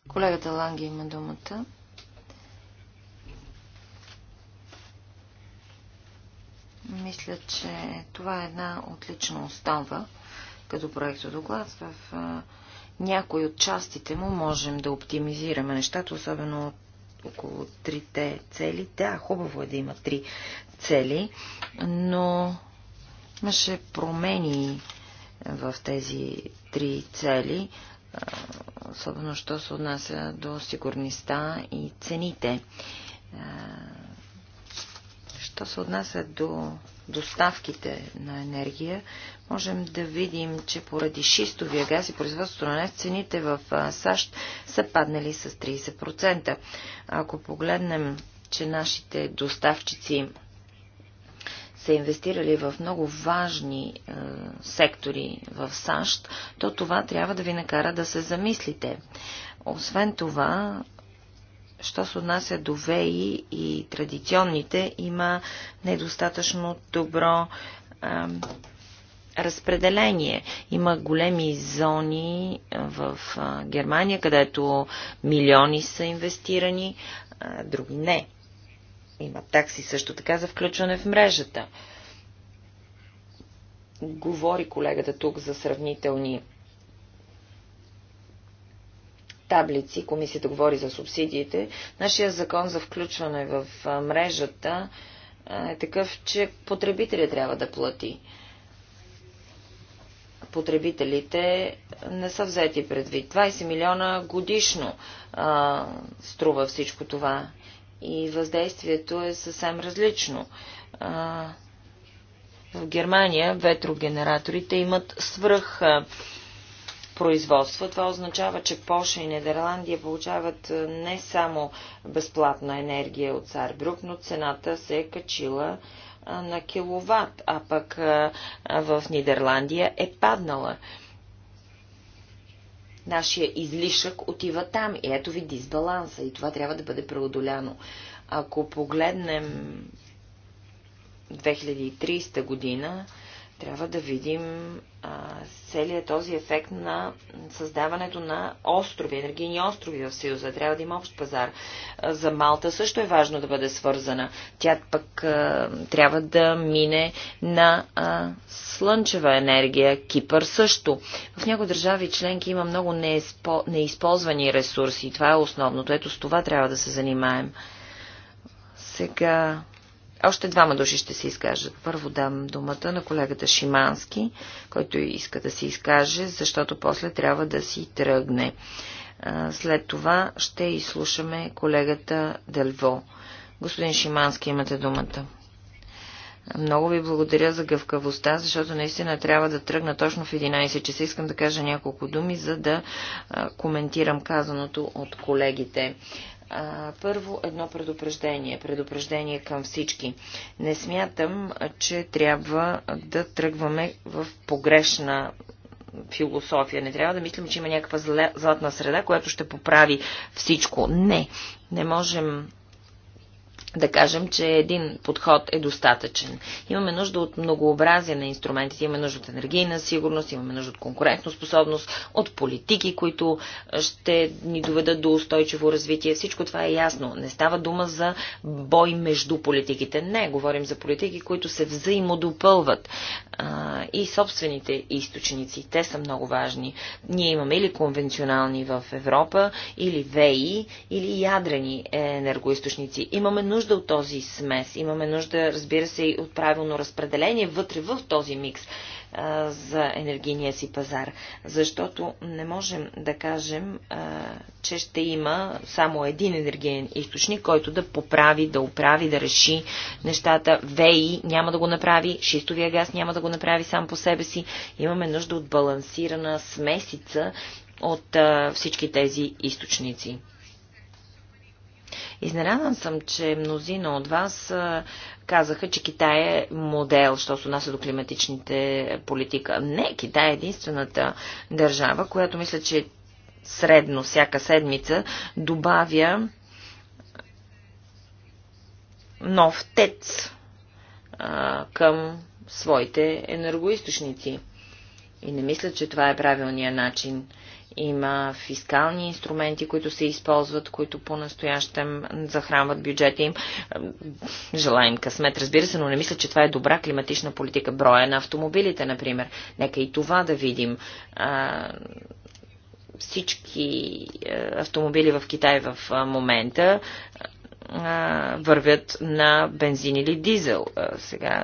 Колегата Ланги има думата. Мисля, че това е една отлична основа като проект доклад. В някои от частите му можем да оптимизираме нещата, особено около трите цели. Да, хубаво е да има три цели, но имаше промени в тези три цели, особено що се отнася до сигурността и цените. Що се отнася до доставките на енергия, можем да видим, че поради шистовия газ и производството на нефт, цените в САЩ са паднали с 30%. Ако погледнем, че нашите доставчици са инвестирали в много важни е, сектори в САЩ, то това трябва да ви накара да се замислите. Освен това, що се отнася до ВЕИ и традиционните, има недостатъчно добро е, разпределение. Има големи зони е, в Германия, където милиони са инвестирани, други не. Има такси също така за включване в мрежата. Говори колегата тук за сравнителни таблици. Комисията говори за субсидиите. Нашия закон за включване в мрежата е такъв, че потребителя трябва да плати. Потребителите не са взети предвид. 20 милиона годишно а, струва всичко това и въздействието е съвсем различно. В Германия ветрогенераторите имат свръх производство. Това означава, че Польша и Нидерландия получават не само безплатна енергия от Царбрюк, но цената се е качила на киловатт, а пък в Нидерландия е паднала. Нашия излишък отива там и ето ви дисбаланса и това трябва да бъде преодоляно. Ако погледнем 2030 година, трябва да видим а, целият този ефект на създаването на острови, енергийни острови в Съюза. Трябва да има общ пазар. за Малта също е важно да бъде свързана. Тя пък а, трябва да мине на а, слънчева енергия. Кипър също. В някои държави членки има много неизпо... неизползвани ресурси. Това е основното. Ето с това трябва да се занимаем. Сега още двама души ще се изкажат. Първо дам думата на колегата Шимански, който иска да се изкаже, защото после трябва да си тръгне. След това ще изслушаме колегата Дельво. Господин Шимански, имате думата. Много ви благодаря за гъвкавостта, защото наистина трябва да тръгна точно в 11 часа. Искам да кажа няколко думи, за да коментирам казаното от колегите. А, първо едно предупреждение. Предупреждение към всички. Не смятам, че трябва да тръгваме в погрешна философия. Не трябва да мислим, че има някаква златна среда, която ще поправи всичко. Не. Не можем да кажем, че един подход е достатъчен. Имаме нужда от многообразие на инструментите, имаме нужда от енергийна сигурност, имаме нужда от конкурентно способност, от политики, които ще ни доведат до устойчиво развитие. Всичко това е ясно. Не става дума за бой между политиките. Не, говорим за политики, които се взаимодопълват. А, и собствените източници, те са много важни. Ние имаме или конвенционални в Европа, или ВЕИ, или ядрени енергоисточници. Имаме нужда нужда от този смес. Имаме нужда, разбира се, и от правилно разпределение вътре в този микс а, за енергийния си пазар. Защото не можем да кажем, а, че ще има само един енергиен източник, който да поправи, да оправи, да реши нещата. Веи няма да го направи, шистовия газ няма да го направи сам по себе си. Имаме нужда от балансирана смесица от а, всички тези източници. Изненадан съм, че мнозина от вас казаха, че Китай е модел, що се отнася до климатичните политика. Не, Китай е единствената държава, която мисля, че средно всяка седмица добавя нов тец към своите енергоисточници. И не мисля, че това е правилният начин има фискални инструменти, които се използват, които по-настоящем захранват бюджета им. Желаем късмет, разбира се, но не мисля, че това е добра климатична политика. Броя на автомобилите, например. Нека и това да видим всички е, автомобили в Китай в е, момента е, вървят на бензин или дизел. Сега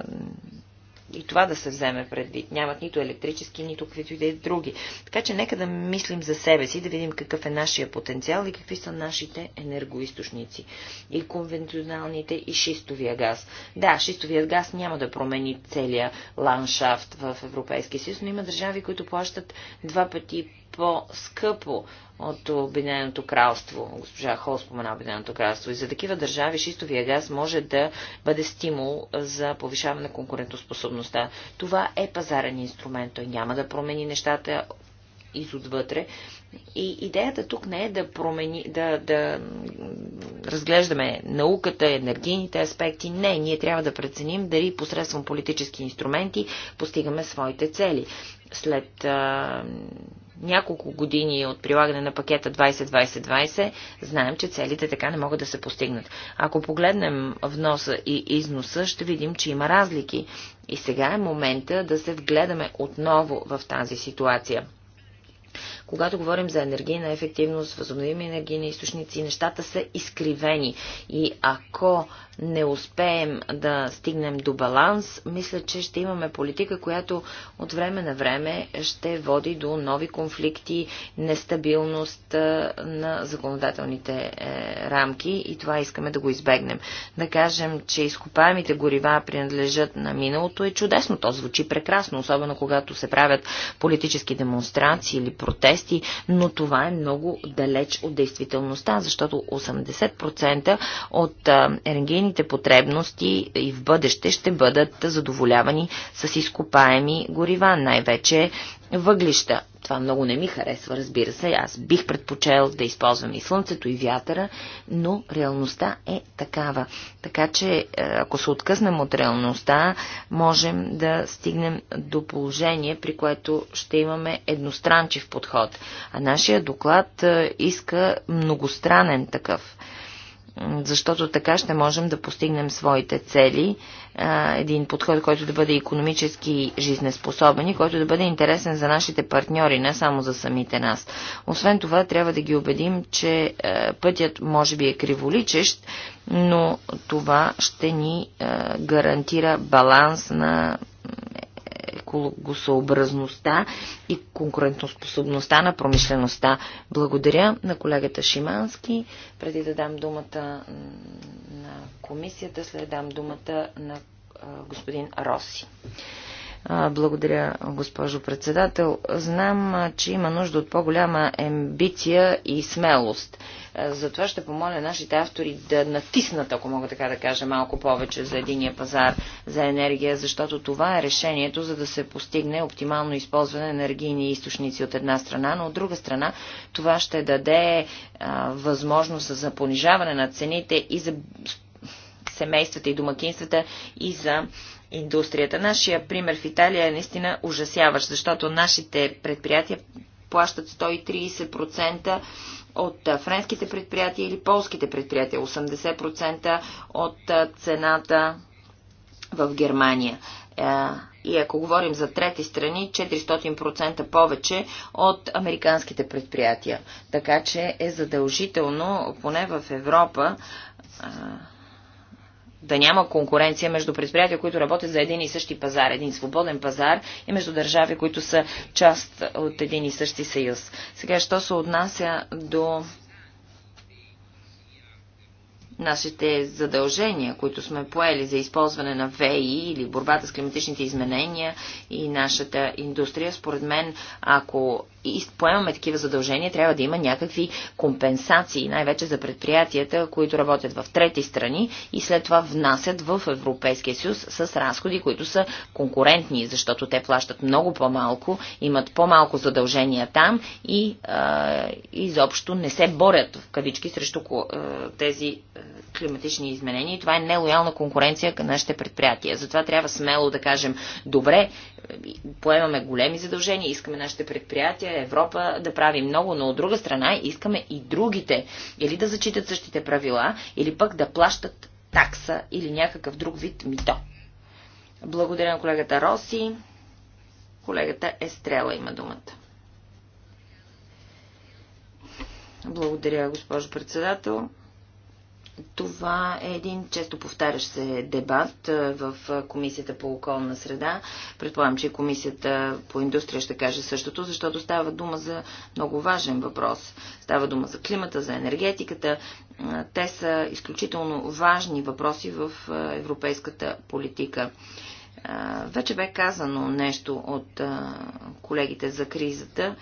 и това да се вземе предвид. Нямат нито електрически, нито каквито и да е други. Така че нека да мислим за себе си, да видим какъв е нашия потенциал и какви са нашите енергоисточници. И конвенционалните, и шистовия газ. Да, шистовият газ няма да промени целия ландшафт в Европейския съюз, но има държави, които плащат два пъти по-скъпо от Обединеното кралство. Госпожа Хол спомена Обединеното кралство. И за такива държави шистовия газ може да бъде стимул за повишаване на конкурентоспособността. Това е пазарен инструмент. Той няма да промени нещата изотвътре. И идеята тук не е да, промени, да, да разглеждаме науката, енергийните аспекти. Не, ние трябва да преценим дали посредством политически инструменти постигаме своите цели. След а, няколко години от прилагане на пакета 20-20-20, знаем, че целите така не могат да се постигнат. Ако погледнем вноса и износа, ще видим, че има разлики. И сега е момента да се вгледаме отново в тази ситуация. Когато говорим за енергийна ефективност, възобновими енергийни източници, нещата са изкривени. И ако не успеем да стигнем до баланс, мисля, че ще имаме политика, която от време на време ще води до нови конфликти, нестабилност на законодателните е, рамки и това искаме да го избегнем. Да кажем, че изкопаемите горива принадлежат на миналото е чудесно. То звучи прекрасно, особено когато се правят политически демонстрации или протести протести, но това е много далеч от действителността, защото 80% от енергийните потребности и в бъдеще ще бъдат задоволявани с изкопаеми горива, най-вече въглища. Това много не ми харесва, разбира се. Аз бих предпочел да използвам и слънцето, и вятъра, но реалността е такава. Така че, е, ако се откъснем от реалността, можем да стигнем до положение, при което ще имаме едностранчив подход. А нашия доклад е, иска многостранен такъв защото така ще можем да постигнем своите цели, един подход, който да бъде економически жизнеспособен и който да бъде интересен за нашите партньори, не само за самите нас. Освен това, трябва да ги убедим, че пътят може би е криволичещ, но това ще ни гарантира баланс на екологосъобразността и конкурентоспособността на промишлеността. Благодаря на колегата Шимански. Преди да дам думата на комисията, след дам думата на господин Роси. Благодаря, госпожо председател. Знам, че има нужда от по-голяма амбиция и смелост. Затова ще помоля нашите автори да натиснат, ако мога така да кажа, малко повече за единия пазар за енергия, защото това е решението, за да се постигне оптимално използване на енергийни източници от една страна, но от друга страна това ще даде възможност за понижаване на цените и за семействата и домакинствата и за индустрията. Нашия пример в Италия е наистина ужасяващ, защото нашите предприятия плащат 130% от френските предприятия или полските предприятия, 80% от цената в Германия. И ако говорим за трети страни, 400% повече от американските предприятия. Така че е задължително, поне в Европа, да няма конкуренция между предприятия, които работят за един и същи пазар, един свободен пазар и между държави, които са част от един и същи съюз. Сега, що се отнася до нашите задължения, които сме поели за използване на ВИ или борбата с климатичните изменения и нашата индустрия, според мен, ако и поемаме такива задължения, трябва да има някакви компенсации, най-вече за предприятията, които работят в трети страни и след това внасят в Европейския съюз с разходи, които са конкурентни, защото те плащат много по-малко, имат по-малко задължения там и а, изобщо не се борят в кавички срещу а, тези климатични изменения. това е нелоялна конкуренция към нашите предприятия. Затова трябва смело да кажем, добре, поемаме големи задължения, искаме нашите предприятия Франция, Европа да прави много, но от друга страна искаме и другите или да зачитат същите правила, или пък да плащат такса или някакъв друг вид мито. Благодаря на колегата Роси. Колегата Естрела има думата. Благодаря, госпожо председател. Това е един често повтарящ се дебат в Комисията по околна среда. Предполагам, че Комисията по индустрия ще каже същото, защото става дума за много важен въпрос. Става дума за климата, за енергетиката. Те са изключително важни въпроси в европейската политика. Вече бе казано нещо от колегите за кризата.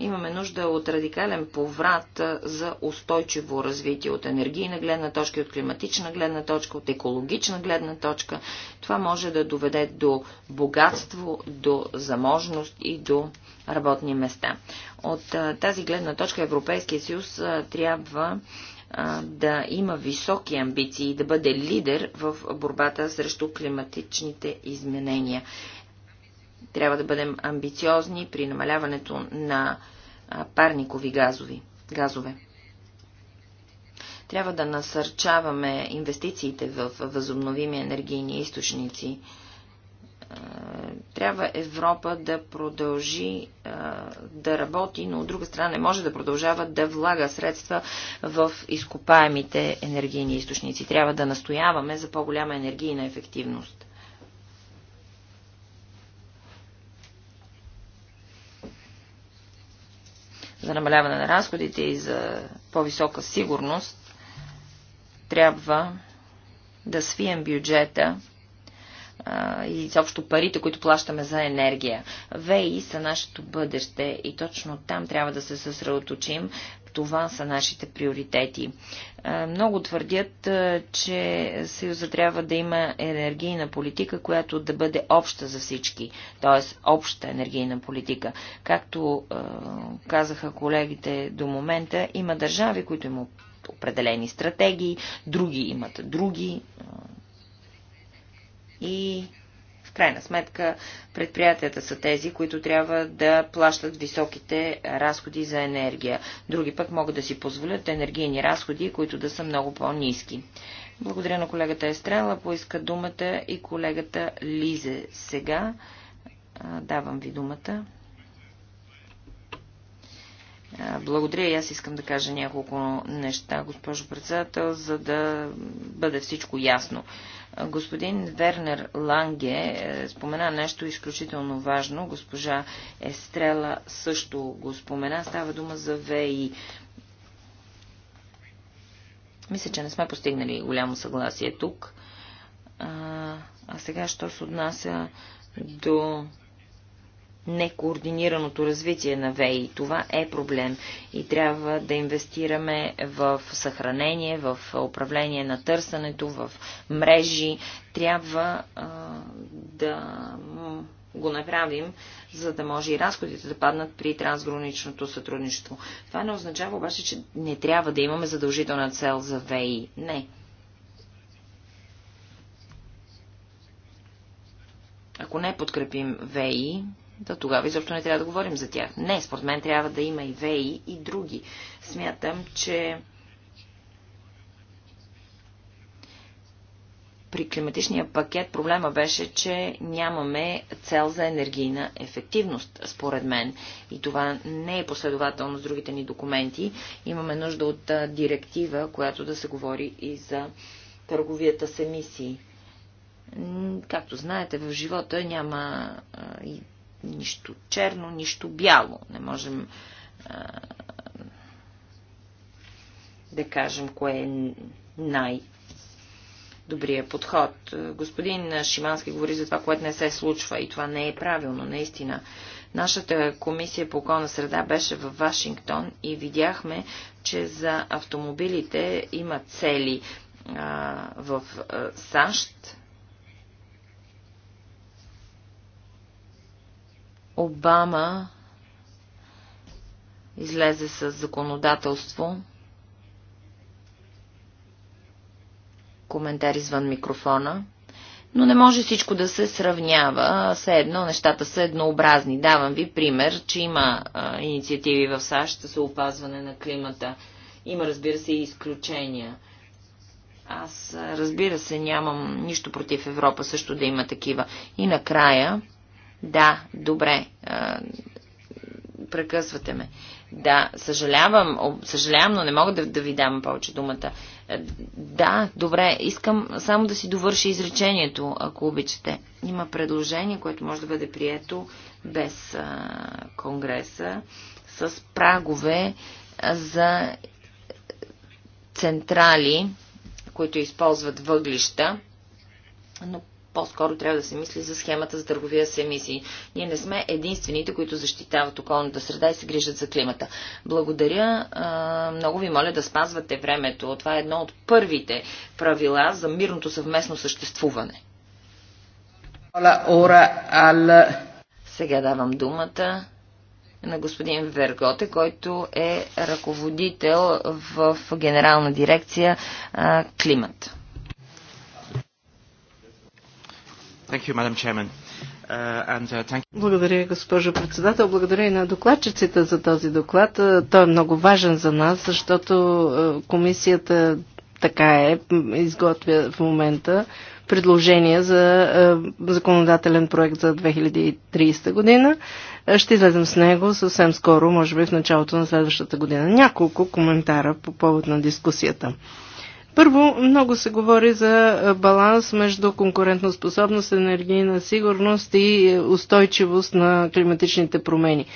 Имаме нужда от радикален поврат за устойчиво развитие от енергийна гледна точка, от климатична гледна точка, от екологична гледна точка. Това може да доведе до богатство, до заможност и до работни места. От тази гледна точка Европейския съюз трябва да има високи амбиции и да бъде лидер в борбата срещу климатичните изменения. Трябва да бъдем амбициозни при намаляването на парникови газови, газове. Трябва да насърчаваме инвестициите в възобновими енергийни източници е, трябва Европа да продължи е, да работи, но от друга страна не може да продължава да влага средства в изкопаемите енергийни източници. Трябва да настояваме за по-голяма енергийна ефективност. За намаляване на разходите и за по-висока сигурност трябва да свием бюджета и изобщо парите, които плащаме за енергия. ВИ са нашето бъдеще и точно там трябва да се съсредоточим. Това са нашите приоритети. Много твърдят, че Съюза трябва да има енергийна политика, която да бъде обща за всички, т.е. обща енергийна политика. Както казаха колегите до момента, има държави, които имат определени стратегии, други имат други и в крайна сметка предприятията са тези, които трябва да плащат високите разходи за енергия. Други пък могат да си позволят енергийни разходи, които да са много по-низки. Благодаря на колегата Естрела. Поиска думата и колегата Лизе сега. Давам ви думата. Благодаря и аз искам да кажа няколко неща, госпожо председател, за да бъде всичко ясно. Господин Вернер Ланге е, спомена нещо изключително важно. Госпожа Естрела също го спомена. Става дума за ВИ. Мисля, че не сме постигнали голямо съгласие тук. А, а сега, що се отнася до некоординираното развитие на ВЕИ. Това е проблем и трябва да инвестираме в съхранение, в управление на търсенето, в мрежи. Трябва а, да го направим, за да може и разходите да паднат при трансграничното сътрудничество. Това не означава обаче, че не трябва да имаме задължителна цел за ВЕИ. Не. Ако не подкрепим ВЕИ, то тогава изобщо не трябва да говорим за тях. Не, според мен трябва да има и ВЕИ и други. Смятам, че при климатичния пакет проблема беше, че нямаме цел за енергийна ефективност, според мен. И това не е последователно с другите ни документи. Имаме нужда от директива, която да се говори и за търговията с емисии. Както знаете, в живота няма нищо черно, нищо бяло. Не можем а, да кажем кое е най- добрия подход. Господин Шимански говори за това, което не се случва и това не е правилно, наистина. Нашата комисия по околна среда беше в Вашингтон и видяхме, че за автомобилите има цели а, в а, САЩ Обама излезе с законодателство, коментар извън микрофона, но не може всичко да се сравнява. Все едно нещата са еднообразни. Давам ви пример, че има а, инициативи в САЩ за опазване на климата. Има, разбира се, и изключения. Аз, разбира се, нямам нищо против Европа също да има такива. И накрая, да, добре. Прекъсвате ме. Да, съжалявам, съжалявам, но не мога да, да ви дам повече думата. Е, да, добре, искам само да си довърши изречението, ако обичате. Има предложение, което може да бъде прието без а, Конгреса, с прагове за централи, които използват въглища, но по-скоро трябва да се мисли за схемата за търговия с емисии. Ние не сме единствените, които защитават околната среда и се грижат за климата. Благодаря. Много ви моля да спазвате времето. Това е едно от първите правила за мирното съвместно съществуване. Сега давам думата на господин Верготе, който е ръководител в Генерална дирекция Климат. Uh, uh, Благодаря, госпожо председател. Благодаря и на докладчиците за този доклад. Е, той е много важен за нас, защото е, комисията така е, изготвя в момента предложения за е, законодателен проект за 2030 година. Ще излезем с него съвсем скоро, може би в началото на следващата година. Няколко коментара по повод на дискусията. Първо, много се говори за е, баланс между конкурентоспособност, енергийна сигурност и е, устойчивост на климатичните промени.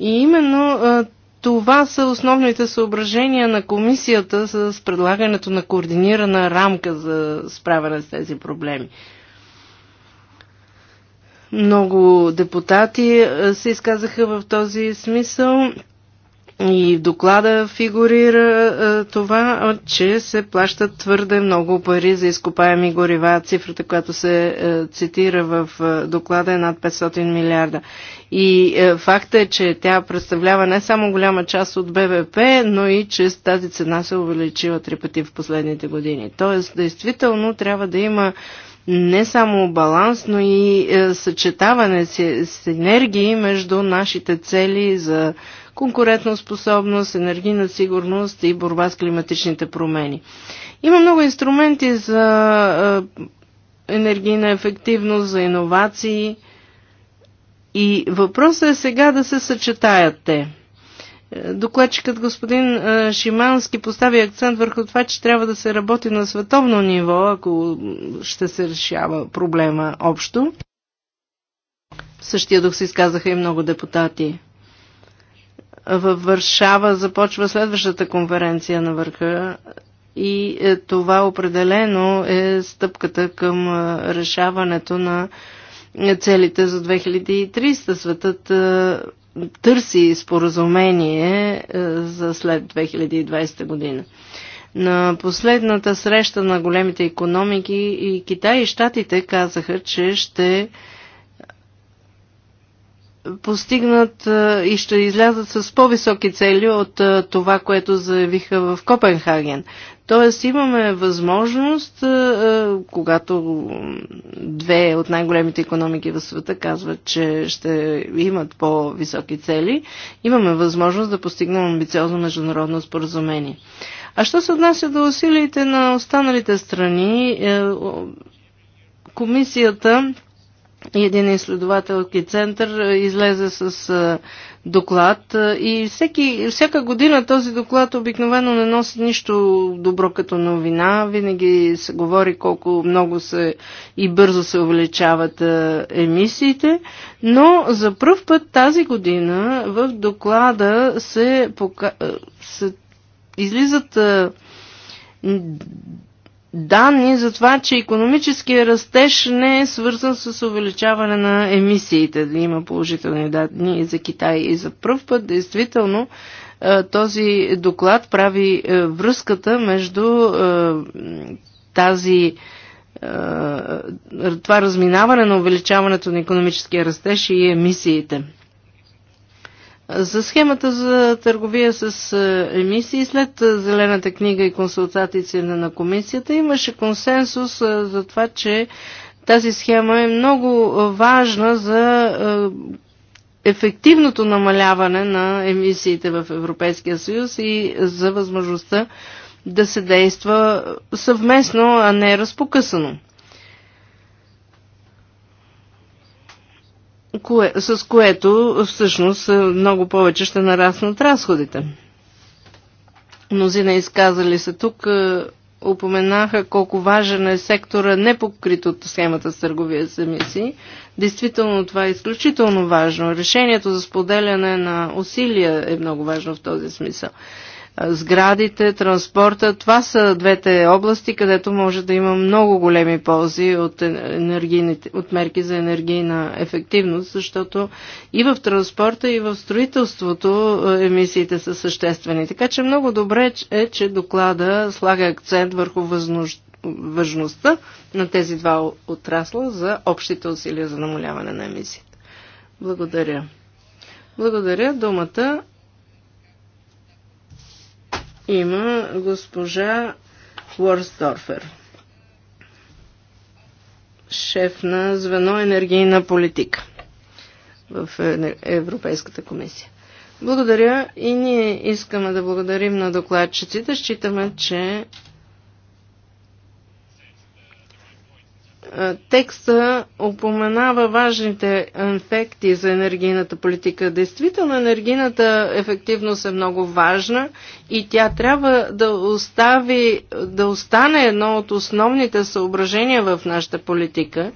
И именно е, това са основните съображения на комисията с предлагането на координирана рамка за справяне с тези проблеми. Много депутати се изказаха в този смисъл. И в доклада фигурира е, това, че се плащат твърде много пари за изкопаеми горива. Цифрата, която се е, цитира в е, доклада е над 500 милиарда. И факта е, че тя представлява не само голяма част от БВП, но и че тази цена се увеличила три пъти в последните години. Тоест, действително трябва да има не само баланс, но и съчетаване, с синергии между нашите цели за способност, енергийна сигурност и борба с климатичните промени. Има много инструменти за е, енергийна ефективност, за иновации и въпросът е сега да се съчетаят те. Е, докладчикът господин е, Шимански постави акцент върху това, че трябва да се работи на световно ниво, ако ще се решава проблема общо. В същия дух се изказаха и много депутати във Варшава започва следващата конференция на върха и е, това определено е стъпката към е, решаването на е, целите за 2300. Светът търси споразумение за след 2020 година. На последната среща на големите економики и Китай и Штатите казаха, че ще постигнат и ще излязат с по-високи цели от това, което заявиха в Копенхаген. Тоест имаме възможност, когато две от най-големите економики в света казват, че ще имат по-високи цели, имаме възможност да постигнем амбициозно международно споразумение. А що се отнася до усилиите на останалите страни, е, комисията един изследователски център е, излезе с е, доклад е, и всеки, всяка година този доклад обикновено не носи нищо добро като новина. Винаги се говори колко много се и бързо се увеличават емисиите, но за първ път тази година в доклада се, пока... се излизат данни за това, че економическия растеж не е свързан с увеличаване на емисиите. Да има положителни данни и за Китай и за пръв път. Действително, е, този доклад прави е, връзката между е, тази това разминаване на увеличаването на економическия растеж и емисиите. За схемата за търговия с е, емисии след е, Зелената книга и консултациите на комисията имаше консенсус е, за това, че тази схема е много важна за ефективното намаляване на емисиите в Европейския съюз и за възможността да се действа съвместно, а не разпокъсано. кое, с което всъщност е, много повече ще нараснат разходите. Мнозина изказали се тук, е, упоменаха колко важен е сектора не покрит от схемата с търговия с емисии. Действително това е изключително важно. Решението за споделяне на усилия е много важно в този смисъл сградите, транспорта. Това са двете области, където може да има много големи ползи от, от мерки за енергийна ефективност, защото и в транспорта, и в строителството е, емисиите са съществени. Така че много добре е, че доклада слага акцент върху възможността важността на тези два отрасла за общите усилия за намаляване на емисиите. Благодаря. Благодаря. Думата има госпожа Уорсдорфер, шеф на звено енергийна политика в Европейската комисия. Благодаря и ние искаме да благодарим на докладчиците. Считаме, че Е, текста опоменава важните ефекти за енергийната политика. Действително енергийната ефективност е много важна и тя трябва да, остави, да остане едно от основните съображения в нашата политика. Е,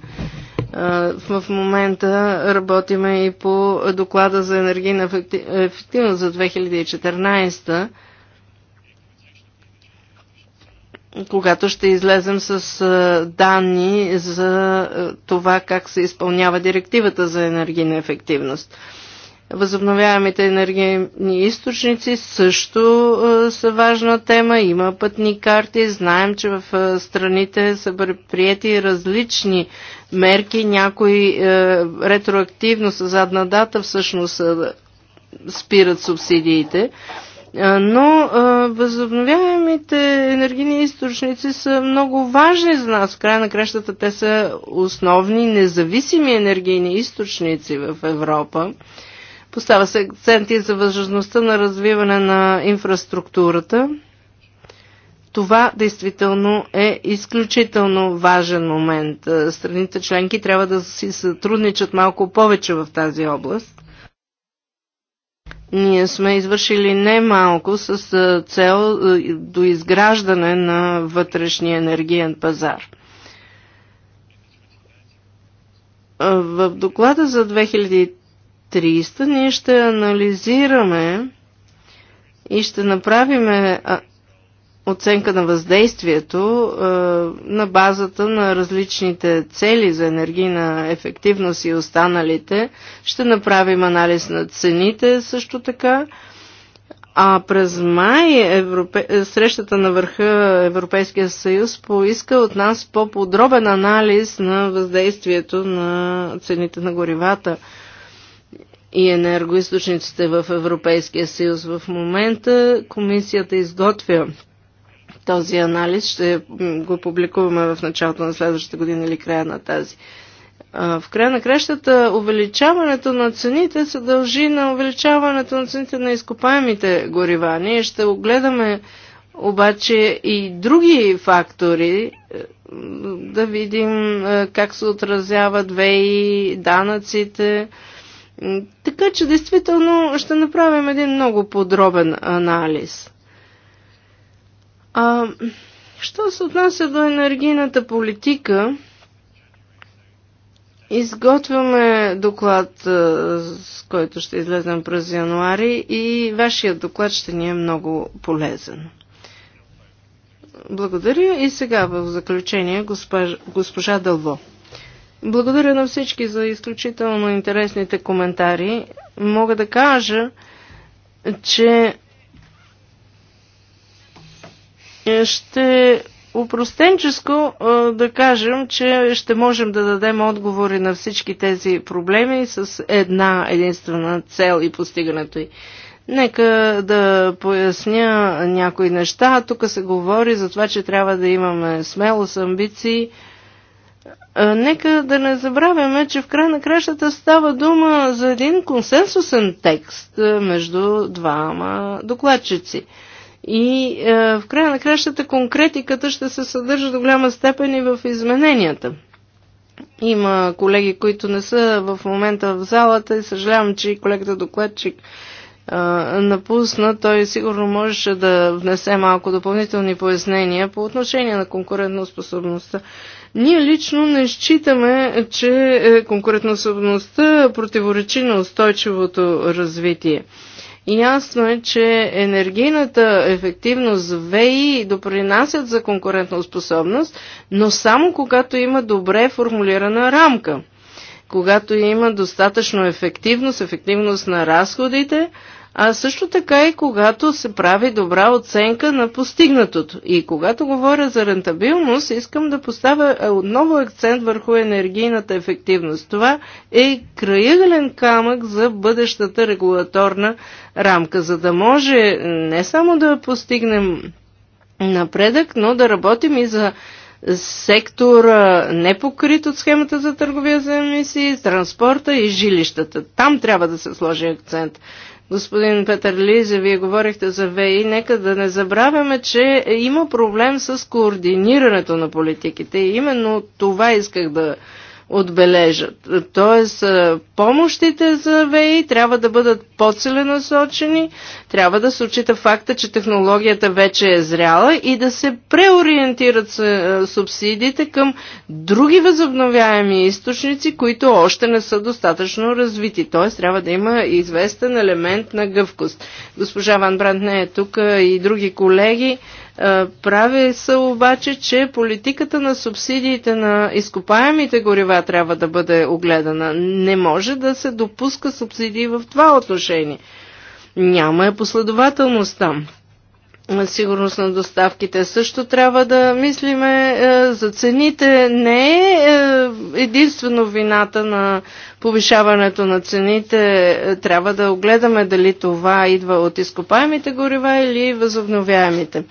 в момента работиме и по доклада за енергийна ефективност за 2014 когато ще излезем с данни за това как се изпълнява директивата за енергийна ефективност. Възобновяемите енергийни източници също са важна тема. Има пътни карти. Знаем, че в страните са прияти различни мерки. Някои ретроактивно с задна дата всъщност спират субсидиите. Но възобновяемите енергийни източници са много важни за нас. В края на кращата те са основни независими енергийни източници в Европа. Постава се акцент и за възможността на развиване на инфраструктурата. Това действително е изключително важен момент. Страните членки трябва да си сътрудничат малко повече в тази област. Ние сме извършили немалко с цел до изграждане на вътрешния енергиен пазар. В доклада за 2030 ние ще анализираме и ще направим оценка на въздействието е, на базата на различните цели за енергийна ефективност и останалите. Ще направим анализ на цените също така. А през май Европе... Е, срещата на върха Европейския съюз поиска от нас по-подробен анализ на въздействието на цените на горивата и енергоисточниците в Европейския съюз. В момента комисията изготвя този анализ ще го публикуваме в началото на следващата година или края на тази. В края на кращата увеличаването на цените се дължи на увеличаването на цените на изкопаемите горива. Ние ще огледаме обаче и други фактори, е, да видим е, как се отразяват ВЕИ, данъците. Така че действително ще направим един много подробен анализ. А, що се отнася до енергийната политика, изготвяме доклад, с който ще излезем през януари и вашия доклад ще ни е много полезен. Благодаря и сега в заключение госпожа, госпожа Дълво. Благодаря на всички за изключително интересните коментари. Мога да кажа, че е, ще упростенческо е, да кажем, че ще можем да дадем отговори на всички тези проблеми с една единствена цел и постигането й. Нека да поясня някои неща. Тук се говори за това, че трябва да имаме смелост, амбиции. Е, нека да не забравяме, че в край на кращата става дума за един консенсусен текст между двама докладчици. И е, в края на кращата конкретиката ще се съдържа до голяма степен и в измененията. Има колеги, които не са в момента в залата и съжалявам, че колегата докладчик е, напусна. Той сигурно можеше да внесе малко допълнителни пояснения по отношение на конкурентоспособността. Ние лично не считаме, че е, конкурентоспособността противоречи на устойчивото развитие. Ясно е, че енергийната ефективност ВЕИ допринасят за конкурентоспособност, но само когато има добре формулирана рамка. Когато има достатъчно ефективност, ефективност на разходите, а също така и когато се прави добра оценка на постигнатото. И когато говоря за рентабилност, искам да поставя е, отново акцент върху енергийната ефективност. Това е краягален камък за бъдещата регулаторна рамка, за да може е, не само да постигнем напредък, но да работим и за сектор не покрит от схемата за търговия за емисии, транспорта и жилищата. Там трябва да се сложи акцент. Господин Петър Лизе, вие говорихте за ВИ. Нека да не забравяме, че има проблем с координирането на политиките. И именно това исках да отбележат. Тоест, помощите за ВИ трябва да бъдат по-целенасочени, трябва да се отчита факта, че технологията вече е зряла и да се преориентират е, субсидиите към други възобновяеми източници, които още не са достатъчно развити. Т.е. трябва да има известен елемент на гъвкост. Госпожа Ван Бранд не е тук и други колеги. Е, прави са обаче, че политиката на субсидиите на изкопаемите горива трябва да бъде огледана. Не може да се допуска субсидии в това отношение. Няма е последователност там. Сигурност на доставките също трябва да мислиме е, за цените. Не е, е единствено вината на повишаването на цените. Е, трябва да огледаме дали това идва от изкопаемите горива или възобновяемите.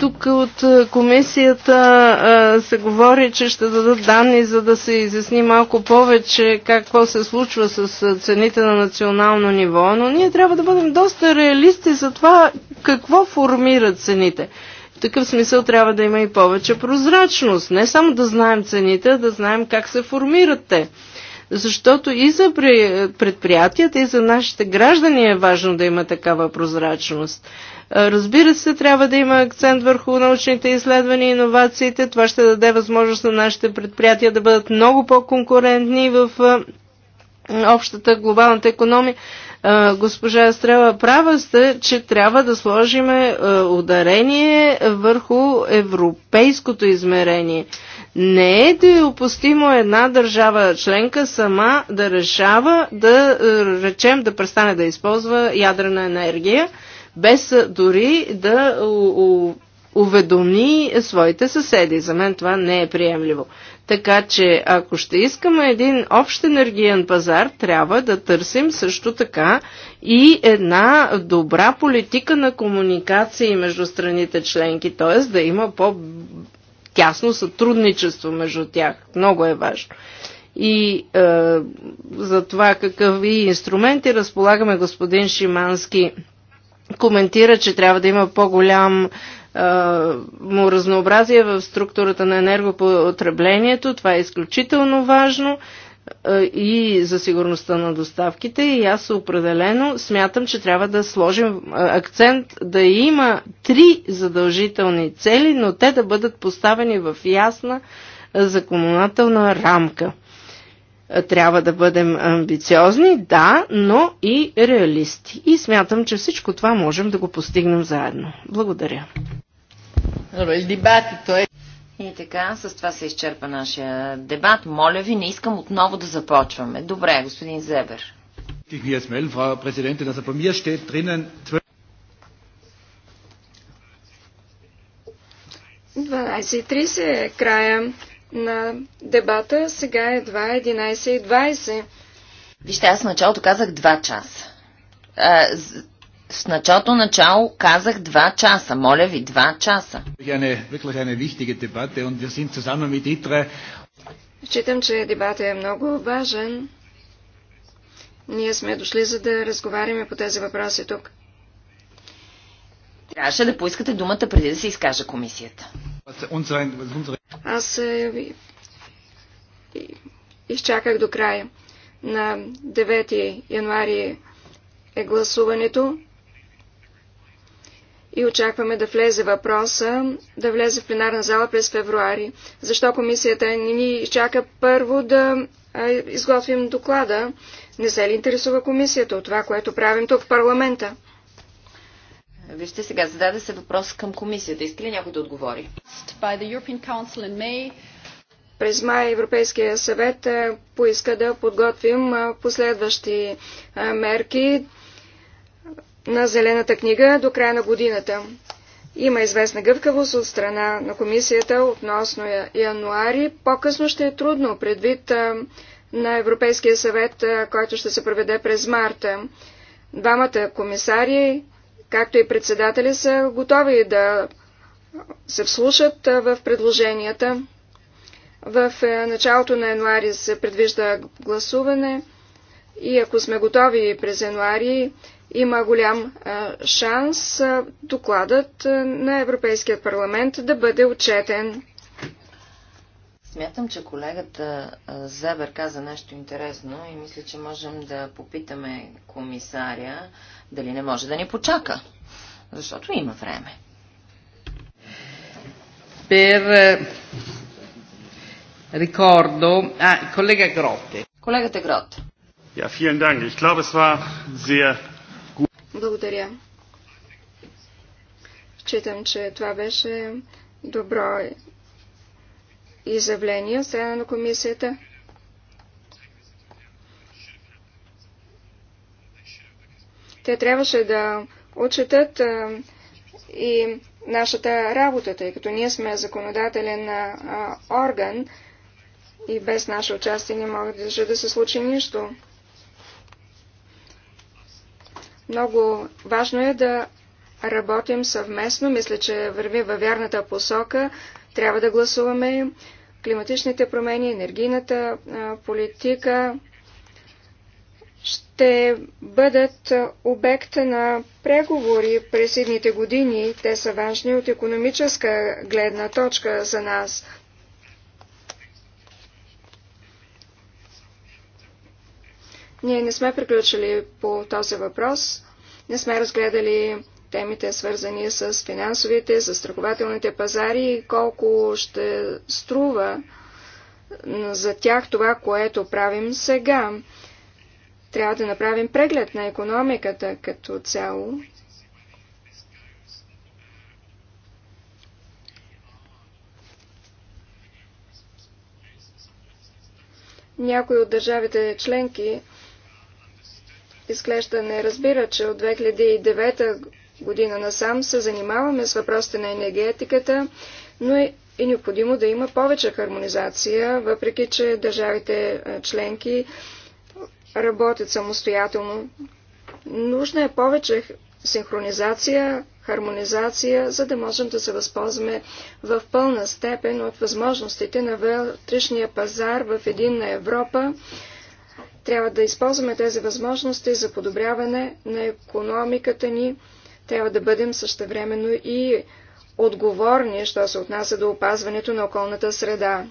Тук от е, комисията е, се говори, че ще дадат данни, за да се изясни малко повече какво се случва с е, цените на национално ниво, но ние трябва да бъдем доста реалисти за това какво формират цените. В такъв смисъл трябва да има и повече прозрачност. Не само да знаем цените, а да знаем как се формират те защото и за предприятията, и за нашите граждани е важно да има такава прозрачност. Разбира се, трябва да има акцент върху научните изследвания и иновациите. Това ще даде възможност на нашите предприятия да бъдат много по-конкурентни в общата глобалната економия. Госпожа Астрела, права сте, че трябва да сложиме ударение върху европейското измерение. Не е допустимо една държава членка сама да решава да е, речем да престане да използва ядрена енергия, без дори да уведоми своите съседи. За мен това не е приемливо. Така че, ако ще искаме един общ енергиен пазар, трябва да търсим също така и една добра политика на комуникации между страните членки, т.е. да има по тясно сътрудничество между тях. Много е важно. И е, за това какви инструменти разполагаме, господин Шимански коментира, че трябва да има по-голям е, му разнообразие в структурата на енергопотреблението. Това е изключително важно. Е, и за сигурността на доставките и аз определено смятам, че трябва да сложим е, акцент да има три задължителни цели, но те да бъдат поставени в ясна е, законодателна рамка. Трябва да бъдем амбициозни, да, но и реалисти. И смятам, че всичко това можем да го постигнем заедно. Благодаря. И така, с това се изчерпа нашия дебат. Моля ви, не искам отново да започваме. Добре, господин Зебер. Er Дванадесет е края на дебата. Сега е 2.11.20. Вижте, аз в началото казах 2 часа с началото начало казах два часа. Моля ви, два часа. Считам, че дебатът е много важен. Ние сме дошли, за да разговаряме по тези въпроси тук. Трябваше да поискате думата преди да се изкаже комисията. Аз е, изчаках до края. На 9 януари е гласуването и очакваме да влезе въпроса, да влезе в пленарна зала през февруари. Защо комисията не ни изчака първо да изготвим доклада? Не се ли интересува комисията от това, което правим тук в парламента? Вижте сега, зададе се въпрос към комисията. Иска ли някой да отговори? През май Европейския съвет поиска да подготвим последващи мерки на Зелената книга до края на годината. Има известна гъвкавост от страна на комисията относно януари. По-късно ще е трудно предвид на Европейския съвет, който ще се проведе през марта. Двамата комисари, както и председатели, са готови да се вслушат в предложенията. В е, началото на януари се предвижда гласуване и ако сме готови през януари, има голям шанс докладът на Европейския парламент да бъде отчетен. Смятам, че колегата Зебер каза нещо интересно и мисля, че можем да попитаме комисаря дали не може да ни почака, защото има време. Per е, ricordo, а, колега Гроте. Колегата Грот. Ja, vielen Dank. Ich glaube, es war sehr благодаря. Считам, че това беше добро изявление от страна на комисията. Те трябваше да отчитат и нашата работа, тъй като ние сме законодателен орган и без наше участие не може да се случи нищо. Много важно е да работим съвместно. Мисля, че върви във вярната посока. Трябва да гласуваме климатичните промени, енергийната политика ще бъдат обект на преговори през едните години. Те са важни от економическа гледна точка за нас. Ние не сме приключили по този въпрос. Не сме разгледали темите, свързани с финансовите, с страхователните пазари и колко ще струва за тях това, което правим сега. Трябва да направим преглед на економиката като цяло. Някои от държавите членки изглежда не разбира, че от 2009 година насам се занимаваме с въпросите на енергетиката, но е, е необходимо да има повече хармонизация, въпреки че държавите е, членки работят самостоятелно. Нужна е повече синхронизация, хармонизация, за да можем да се възползваме в пълна степен от възможностите на вътрешния пазар в на Европа, трябва да използваме тези възможности за подобряване на економиката ни. Трябва да бъдем същевременно и отговорни, що се отнася до опазването на околната среда.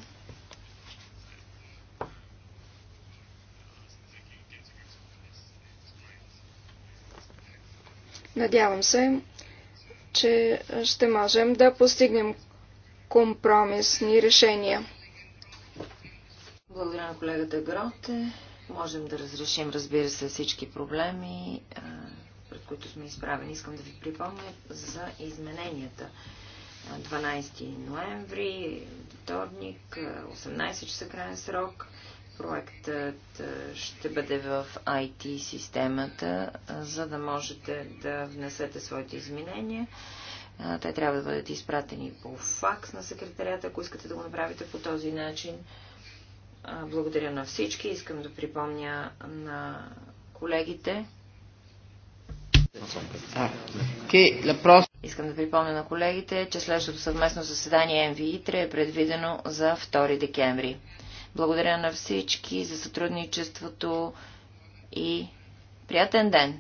Надявам се, че ще можем да постигнем компромисни решения. Благодаря на колегата Гроте. Можем да разрешим, разбира се, всички проблеми, пред които сме изправени. Искам да ви припомня за измененията. 12 ноември, вторник, 18 часа крайен срок. Проектът ще бъде в IT системата, за да можете да внесете своите изменения. Те трябва да бъдат изпратени по факс на секретарията, ако искате да го направите по този начин. Благодаря на всички. Искам да припомня на колегите. Искам да припомня на колегите, че следващото съвместно заседание МВИТРЕ е предвидено за 2 декември. Благодаря на всички за сътрудничеството и приятен ден!